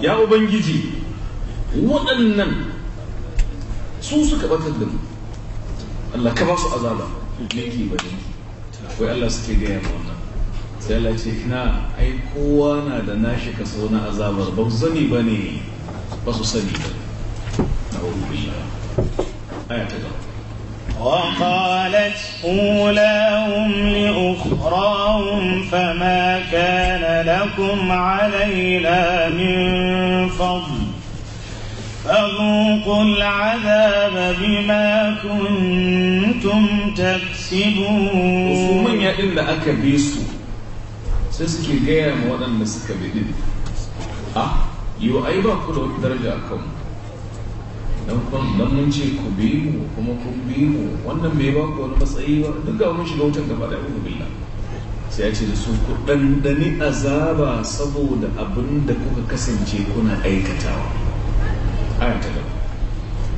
ya ubangiji waɗannan su suka ɓatar da mu Allah ka ba su azaba liki ba liki Akwai Allah suke gaya ma wannan sai Allah ce na ai kowa na da nashi kaso na azabar ba zani ba ne باصوا سليما نعوذ بالله آية وقالت أولاهم لأخراهم فما كان لكم علينا من فضل فذوقوا العذاب بما كنتم تكسبون وصومين إلا أكبيسوا سيسكي جاء موانا مسكبدين أه yiwu ai ba ku da wata daraja a kanmu don mun ce ku bi mu kuma kun bi mu wannan bai ba ku wani matsayi ba duk ga mun shiga wutan gaba da ku billa sai ya ce da su ku dandani azaba saboda abin da kuka kasance kuna aikatawa ayata da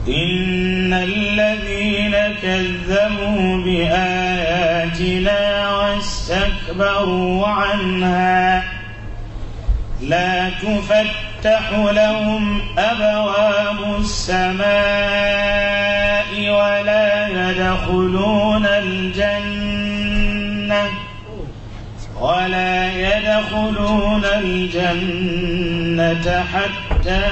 إن الذين كذبوا بآياتنا واستكبروا عنها لا تفتح تفتح لهم أبواب السماء ولا يدخلون الجنة ولا يدخلون الجنة حتى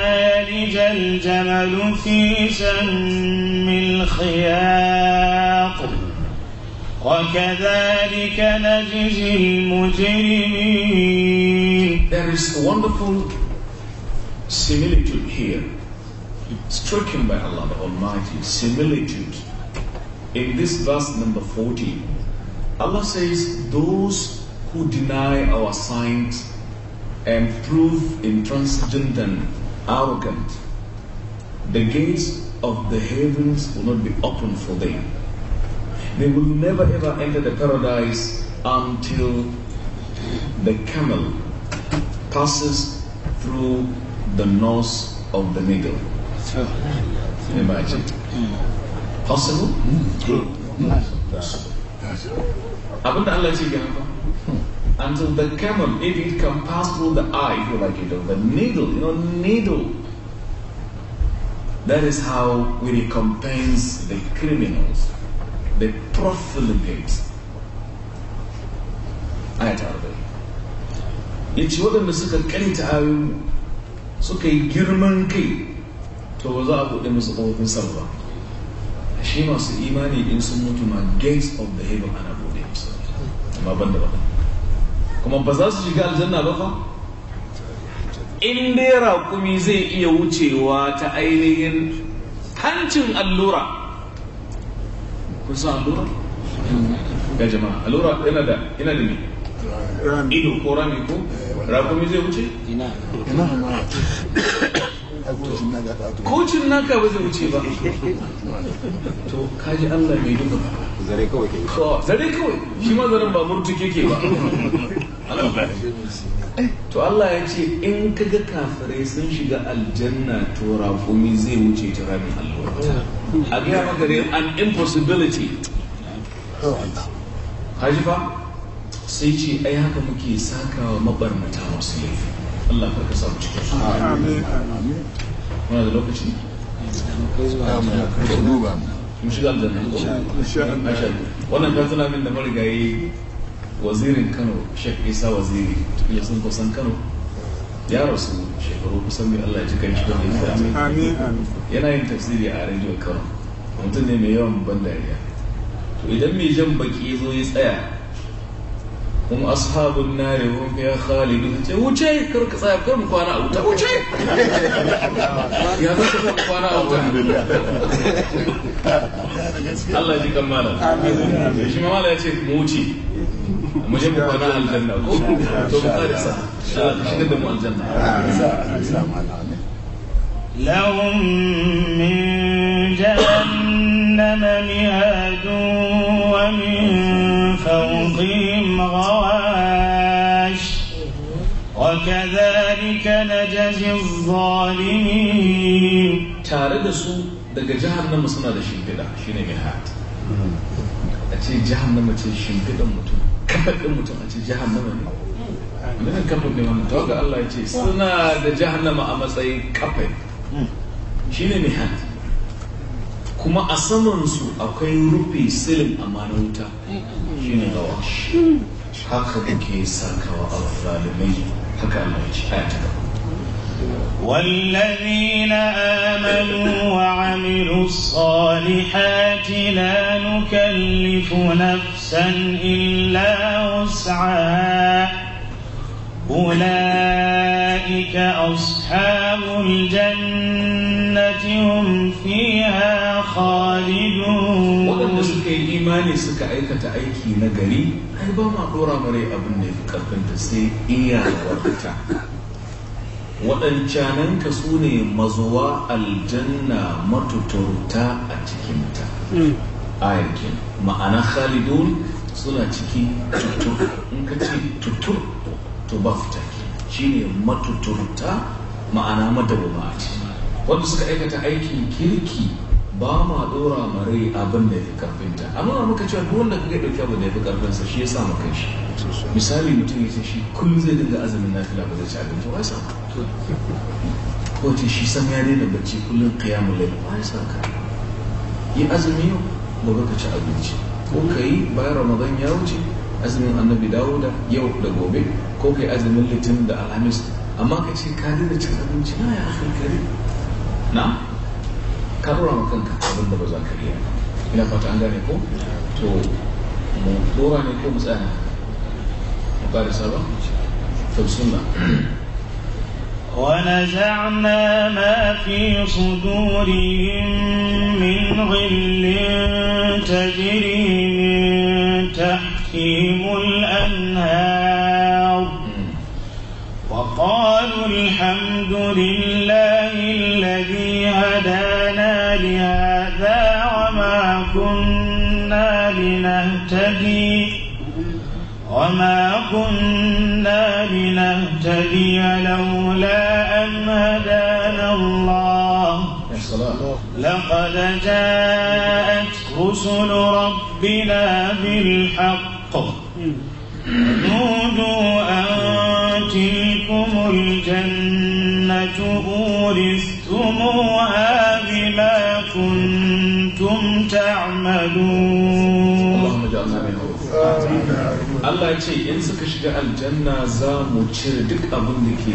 يلج الجمل في سم الخياط وكذلك نجزي المجرمين There is a wonderful similitude here, stricken by Allah the Almighty, similitude. In this verse number 40, Allah says, Those who deny our signs and prove intransigent and arrogant, the gates of the heavens will not be open for them. They will never ever enter the paradise until the camel passes through the nose of the needle. Imagine. Possible? Abinda Allah let you go. Until the camel, if it can pass through the eye, if you like it, or the needle, you know, needle. That is how we recompense the criminals, the profligates. you Arabi. Yace waɗanda suka ƙarita how? suka yi girman kai to ba za a buɗe musu ƙofofin salwa a shi masu imani in sun mutu ma gates of the heaven ana buɗe musu amma ban ba kuma ba za su shiga aljanna ba fa in dai raƙumi zai iya wucewa ta ainihin hancin allura kun san allura ga jama'a allura yana da yana da ne ido ko rami ko rakumi zai wuce ina ina kocin naka ba zai wuce ba to kaji allah mai duka zare kawai ke zare kawai shi ma zaren ba murtu keke ba eh, to allah ya ce in ka ga kafirai sun shiga aljanna to rakumi zai wuce ta ramin alwata a gaya maka an impossibility oh, kaji fa sai ce ai haka muke sakawa mabarmata masu laifi Allah ka samu cikin su muna da lokaci mun shiga wannan ta min da marigayi wazirin Kano Sheikh Isa Waziri ya sun kusan Kano ya rasu shekaru kusan mai Allah ya ji kan shi da mai yana yin tafsiri a rediyo Kano mutum ne mai yawan ban dariya to idan mai jan baki zo ya tsaya هم أصحاب النار وهم فيها خالدون وجاي كرك صاحب كرم كوانا أوتا وجاي يا ذاك كوانا أوتا الله يجيك مالا آمين شو مالا يجيك موتي مجيب كوانا الجنة تو بقاري صح شو الجنة لهم من جنة جهنم مهاد ومن فوقهم غواش وكذلك نجزي الظالمين تاري دسو دقا جهنم سنة شنكدا شنة مهاد أتي جهنم أتي شنكدا متو كبك متو أتي جهنم من الكبر من المتوقع الله يجي سنة جهنم أمسي كبك شنة مهاد kuma a samansu akwai rufe silin amana wuta shi ne gawa haka kuke sakawa alzalimai haka Allah ya ci والذين آمنوا وعملوا الصالحات لا نكلف نفسا إلا وسعها أولئك أصحاب الجنة هم فيها waɗanda suka yi imani suka aikata aiki na gari ai ba ma dora mare waɗancananka su mazuwa aljanna matuturta a cikinta hmm. ayakin ma'ana khalidun suna ciki tutur in ka ce tutur to ba matuturta ma'ana madawama a ciki suka aikata aikin kirki ba ma dora ma rai abin da fi ta amma muka cewa duk wanda kaga dauki abin da ya fi sa shi ya sa mu kai shi misali mutum ya ce shi kullum zai dinga azumin na fila ba zai ci abinci wai sa ko ce shi san ya daina bacci kullum kiyamu lai wai sa ka yi azumi yau gobe ka ci abinci ko kai bayan ramadan ya wuce azumin annabi dawuda yau da gobe ko kai azumin litinin da alhamis amma ka ce ka daina cin abinci na ya akhir kare na ka dora ma kanka abin da ba za ka iya ina fata an gane ko to mu dora ne ko mu tsaya mu ƙara sabon to sunna ونزعنا ما في صدورهم من غل تجري من تحتهم الأنهار وقالوا الحمد لله الذي هدانا وما كنا لنهتدي لولا أن هدانا الله لقد جاءت رسل ربنا بالحق نودوا أن تلكم الجنة أورثتموها بما كنتم تعملون اللهم اجعلنا منهم Allah ce in suka shiga aljanna za mu cire duk abin da ke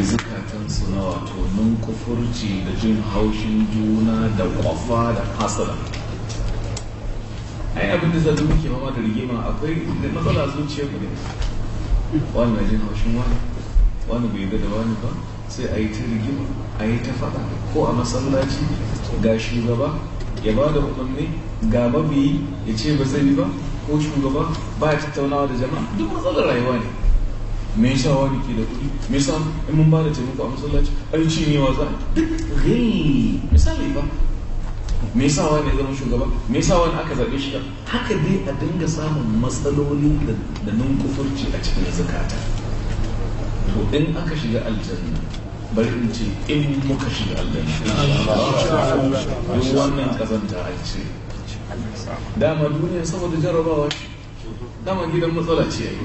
su na wato nun kufurci da jin haushin juna da kwafa da hasala ai abin da zai muke mama da rigima akwai da matsala zuciya mu ne wani na jin haushin wani wani bai ga da wani ba sai a yi ta rigima a yi ta faɗa ko a masallaci ga shugaba ya ba da umarni ga mabiyi ya ce ba zai ba ko shugaba ba ya tattaunawa da jama'a duk matsalar rayuwa ne me yasa wani ke da kuɗi me yasa in mun ba da taimako a masallaci an ci ne wa za duk gai misali ba me yasa wani ya zama shugaba me yasa wani aka zaɓe shi haka dai a dinga samun matsaloli da nunkufurci a cikin zakata to in aka shiga aljanna bari in ce in muka shiga aljanna duk wannan kazanta a ce dama duniya saboda jarrabawa dama gidan matsala ce ai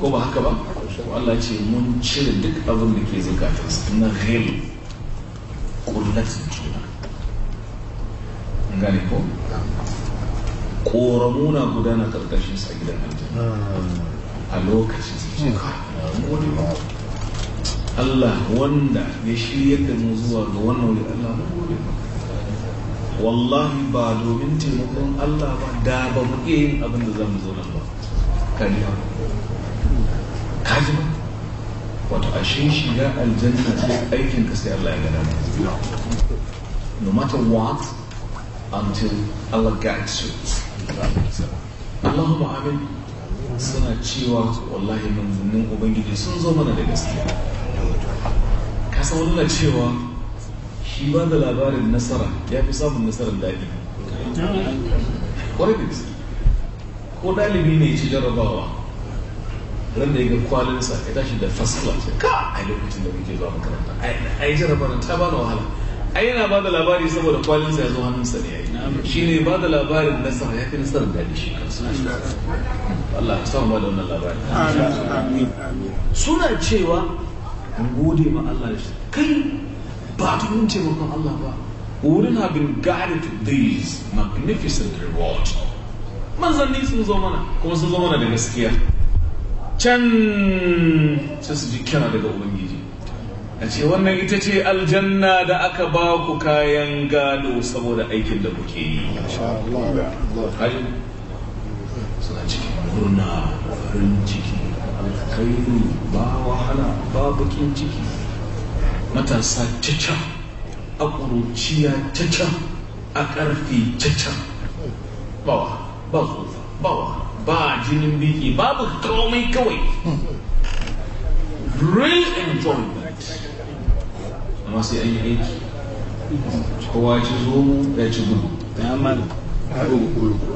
ko ba haka ba ko Allah ce mun cire duk abin da ke zakatarsa na ghil kullatin juna gane ko koramu na gudana karkashin sa gidan aljanna a lokacin su ce Allah wanda ya shirya da mu zuwa ga wannan wuri Allah mu gode maka wallahi ba domin taimakon Allah ba da ba mu iya yin abin da za mu zo nan ba kaji ba kaji ba wato ashe shiga aljanna ce aikin ka sai Allah ya gada no matter what until Allah guides you Allahumma amin suna cewa wallahi manzannin ubangiji sun zo mana da gaskiya ka san wannan cewa shi ba da labarin nasara ya fi samun nasarar daɗi ƙwarai da gaske ko ɗalibi ne ci jarrabawa ran da ya ga kwalinsa ya tashi da first class ka a lokacin da muke zuwa makaranta a yi jarrabawa ta ba na wahala ai yana ba da labari saboda kwalinsa ya zo hannunsa ne ya yi shi ne ba da labarin nasara ya fi nasarar daɗi shi Allah ya samu ba da wannan labari suna cewa gode ma Allah da shi kai But in Taimakon Allah ba, wurin wouldn't have been guided to these magnificent rewards. Manzanni sun zo mana, kuma sun zo mana da gaskiya. Can sai su ji kira daga Ubangiji. A ce wannan ita ce aljanna da aka ba ku kayan gado saboda aikin da kuke yi. Suna cikin murna, farin ciki, alkhairu ba wahala, ba bukin ciki. matasa caca a ƙuruciya caca a ƙarfi caca bawa ba tsofa bawa ba jinin biki babu komai kawai real enjoyment amma sai an yi aiki kowa ci zo mu ya ci gudu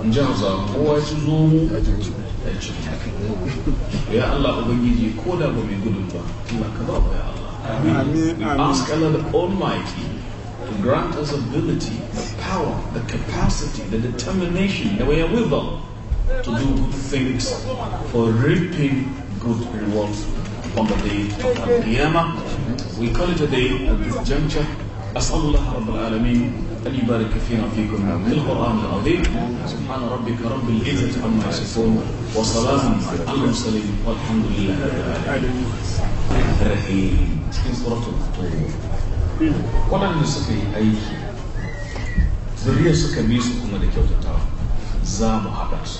in ji hausa kowa ci zo mu ya ci gudu ya ya Allah Ubangiji ko da ba mai gudun ba Allah ka ba ya I ask Allah the Almighty to grant us ability, the power, the capacity, the determination, the way to do good things for reaping good rewards on the day of Al-Qiyamah. We call it a day at this juncture. أسأل الله رب أن يبارك فينا فيكم في القرآن العظيم سبحان ربك رب العزة عما يصفون وسلام على المرسلين والحمد لله رب العالمين سورة الطور وما نسك أي ذرية سكة ميسو كما ذكي وتتعوى زام حبس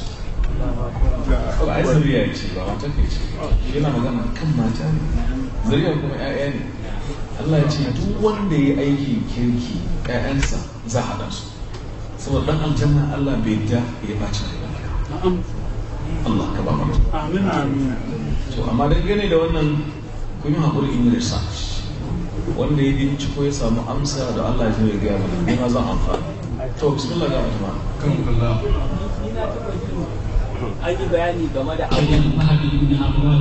ذرية أي شيء بابا تكي شيء يلا مغانا كم ما تاني ذرية كما أعياني Allah ya ce duk wanda ya aiki kirki ƴaƴansa za a haɗa su saboda dan aljanna Allah bai da ya bacin da Allah ka ba mutu amin amin to amma dangane da wannan kun yi haƙuri in research wanda ya binciko ya samu amsa da Allah ya zai gaya mana ni ma zan amfana to bismillah ga mutum kan kullu an yi bayani game da abin mahaifin da aka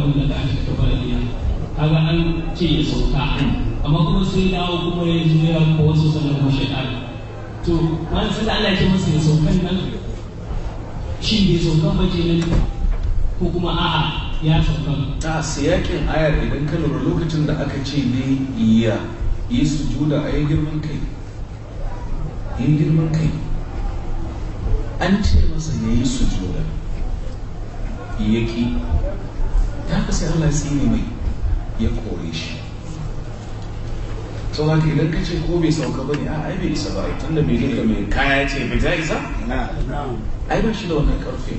tabbata kaga an ce ya sauka amma kuma sai dawo kuma ya zo ya ko wasu sanar ko shaitani to man sai da Allah ya ce masa ya saukan nan shi bai saukan ba nan ko kuma a'a ya saukan a siyakin ayar idan ka lura lokacin da aka ce ne iya yi sujuda a yi girman kai yin girman kai an ce masa ya yi sujuda yaki ta ka sai Allah ya ne mai ya kore shi sau haka idan ka ce ko bai sauka ba ne a ai bai isa ba tunda mai duka mai kaya ce bai ta isa ai ba shi da wannan karfin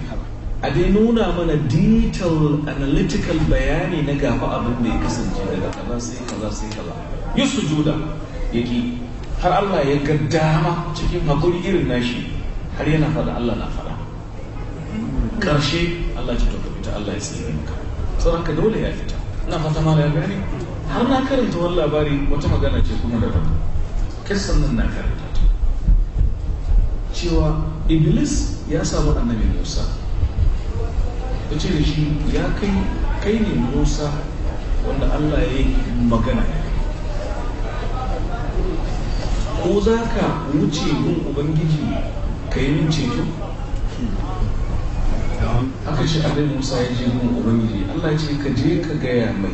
a dai nuna mana detail analytical bayani na gaba abin da ya kasance daga kaza sai kaza sai kaza yi sujuda yaki har Allah ya ga dama cikin hakuri irin nashi har yana faɗa Allah na faɗa ƙarshe Allah ce to ta fita Allah ya tsira maka sauran ka dole ya fita Ina fata da gani har na karanta wani labari wata magana ce kuma da kisan nan na karanta cewa iblis ya samu annabi musa ya ce da shi ya kai kai ne musa wanda allah ya yi magana ko za ka wuce gun ubangiji ka yi min ceto aka ce abin musa ya je mun ubangiji allah ce ka je ka gaya mai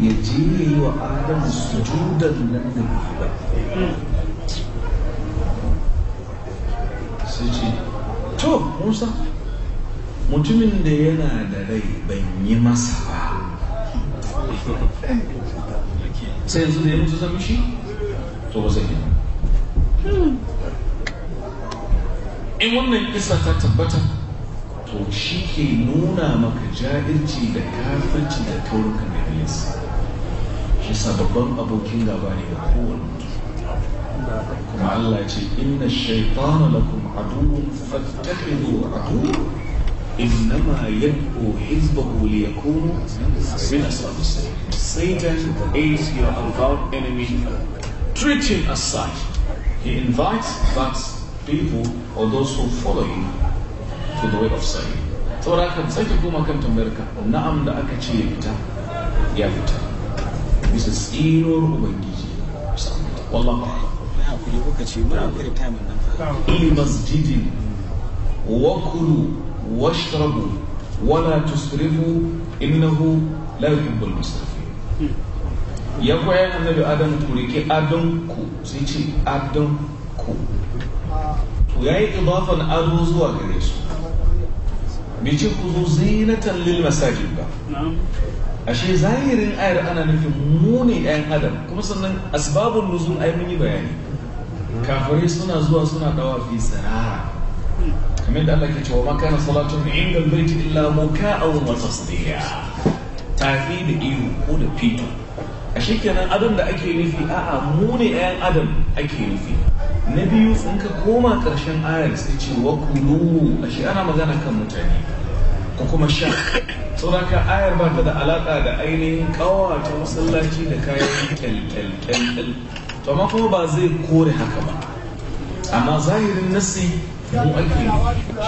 ya je ya yi wa adam sujudan nan da ba sai ce to musa mutumin da yana da rai ban yi masa ba sai yanzu da ya mutu zama shi to ba zai hmm. in wannan kisa ta tabbata to shi ke nuna maka jahilci da kafirci da taurinka da iblis shi sababbin abokin gaba ne ga kowane mutum kuma Allah ce inna shaytana lakum aduwwun fattakhidhu aduwwa innama yad'u hizbahu liyakunu min ashabis Satan is your avowed enemy treat him as such he invites that people or those who follow him to the way of saying saboda haka sake koma kan tambayarka na'am da aka ce ya fita ya fita bisa tsinuwar ubangiji wallahu kuka ce muna nan fa wa kulu washrabu wala tusrifu innahu la musrifin ya koya annabi adam ku rike adam ku sai ce adam ku to yayi idafan ado zuwa gare su bai ce ku zo zinatan lil masajid ba ashe zahirin ayar ana nufin mu ne ɗayan adam kuma sannan asbabun nuzul ai mun yi bayani kafirai suna zuwa suna dawa fi sarara kamar da Allah ke cewa ma kana salatun inda baiti illa muka'aw wa tasdiya tafi da ihu ko da fito ashe kenan adam da ake nufi a'a mu ne ɗayan adam ake nufi na biyu in ka koma ƙarshen ayar sai ce wa kulu ashe ana magana kan mutane ko kuma sha ka ayar ba ta da alaƙa da ainihin ƙawa ta masallaci da kayan kyalkyalkyal to amma kuma ba zai kore haka ba amma zahirin nasi mu ake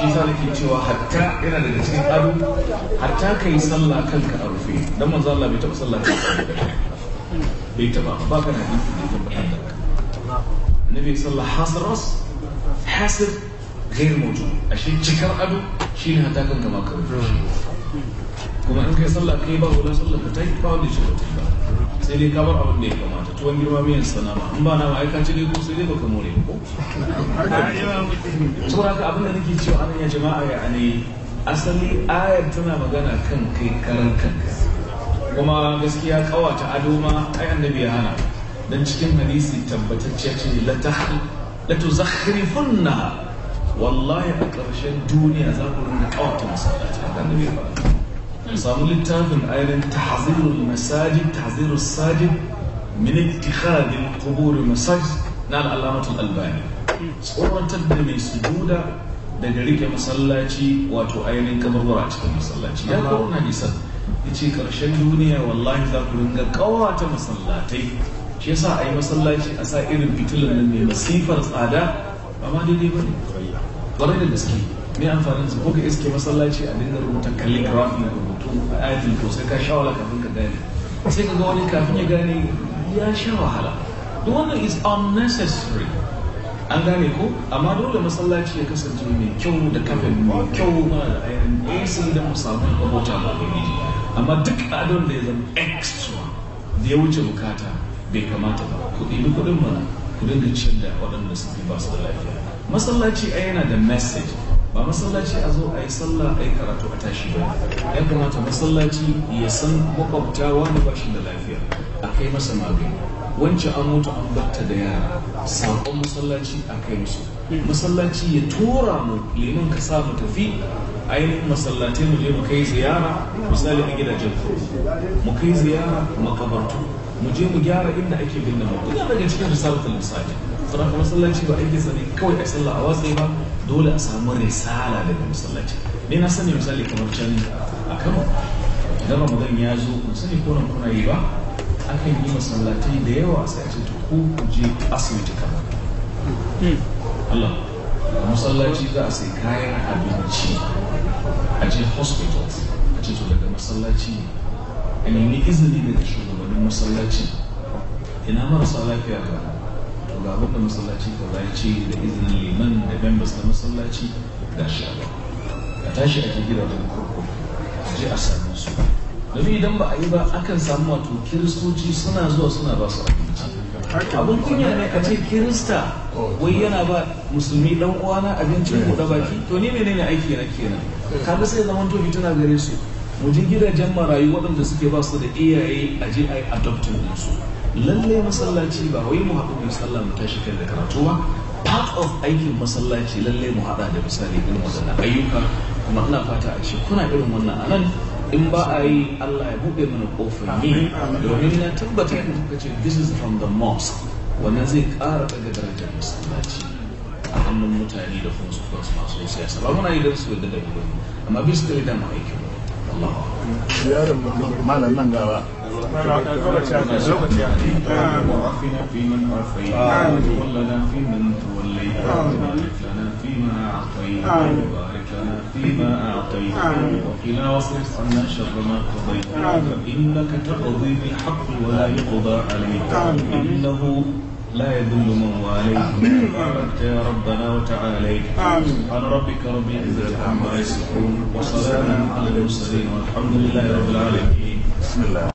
shi sa nake cewa hatta yana daga cikin ado hatta ka yi sallah kanka a rufe don manzo Allah bai taɓa sallah kanka bai taɓa ba ka hadisi النبي صلى الله عليه وسلم حاصر راسه حاسر غير موجود عشان تشكر ابو شيل هتاكل كما كبر kuma in kai sallah kai ba wala sallah ka ta yi ba wanda shi ta ba sai dai ka bar abin da ya kamata tuwon girma miyan sanama in ba na ma aika ce dai ko sai dai baka more ko saboda haka abin da nake cewa anan ya jama'a ya ne asali ayar tana magana kan kai karan kanka kuma gaskiya kawata ado ma ai annabi ya hana dan cikin hadisi tabbatacce ce la tahri la tuzakhrifunna wallahi a ƙarshen duniya za ku rinda ƙawata masallaci haka ne ba samu littafin ainihin tahzirul masajid tahzirul sajid min ittikhadil qubur masajid na al'alamatul albani tsoratar da mai sujuda daga rike masallaci wato ainihin kaburbura cikin masallaci ya kawo na nisan ya ce ƙarshen duniya wallahi za ku ringa ƙawata masallatai shi yasa a yi masallaci a sa irin fitilan nan mai masifar tsada ba ma daidai ba ne ƙwarai da gaske me amfanin su ko ka iske masallaci a dinga rubuta calligraphy da rubutu a ayatul ko sai ka sha wala kafin ka gane sai ka ga wani kafin ya gane ya sha wahala duk wannan is unnecessary an gane ko amma dole masallaci ya kasance mai kyau da kafin mai kyau ma da ainihin nesa da musamman samu abota ba amma duk adon da ya zama extra da ya wuce bukata bai kamata ba ku ɗibi kuɗin mana ku dinga cin da waɗanda suke ba su da lafiya masallaci ai yana da message ba masallaci a zo a yi sallah a yi karatu a tashi ba ya kamata masallaci ya san makwabta wani ba shi da lafiya a kai masa magani wance an mutu an bata da yara saƙon masallaci a kai musu masallaci ya tura mu lemun ka sa mu tafi ainihin masallatai mu je mu kai ziyara misali a gidajen mu kai ziyara makabartu mu je mu gyara inda ake binne ba ku daga cikin risalatul misali sana kuma masallaci ba ake sani kawai a sallah a watsayi ba dole a samu risala daga masallaci ne na sani misali kamar can a kano idan ramadan ya zo kun sani ko nan kuna yi ba akan yi masallatai da yawa sai a ce to ku ku je asibiti kamar Allah masallaci za a sai kayan abinci a je hospital a ce to daga masallaci ne a nemi izini daga shugaban wannan masallaci ina marasa lafiya ba to ga abin da masallaci ka zai ce da izinin liman da members da masallaci ga shi a tashi ake gidajen kurkuku a je a same su domin idan ba a yi ba akan samu wato kiristoci suna zuwa suna ba su abinci abin kunya ne ka ce kirista wai yana ba musulmi dan uwana abincin buɗe baki to ni menene aiki na kenan kaga sai zaman to fitina gare su wajen gidajen marayu waɗanda suke ba su da iyaye a je a yi adoptin musu lalle masallaci ba wai mu haɗu mu sallah mu tashi kai da karatu ba part of aikin masallaci lalle mu haɗa da misali irin waɗannan ayyuka kuma ina fata a ce kuna irin wannan a nan in ba a yi Allah ya buɗe mana ƙofar ne domin na tabbata in kuka ce this is from the mosque wannan zai ƙara ɗaga darajar masallaci a hannun mutane da kuma su masu siyasa ba muna yi don su yadda da amma bisa da mu aikin malam nan gaba وعافنا فيمن عافيت وتولنا فيمن توليت وبارك لنا فيما اعطيت وبارك لنا فيما اعطيت وقنا واصرف عنا شر ما قضيت فانك تقضي بالحق ولا يقضى عليك انه لا يذل من واليت تباركت يا ربنا وتعاليت سبحان ربك رب العزة عما يصفون وسلام على المرسلين والحمد لله رب العالمين بسم الله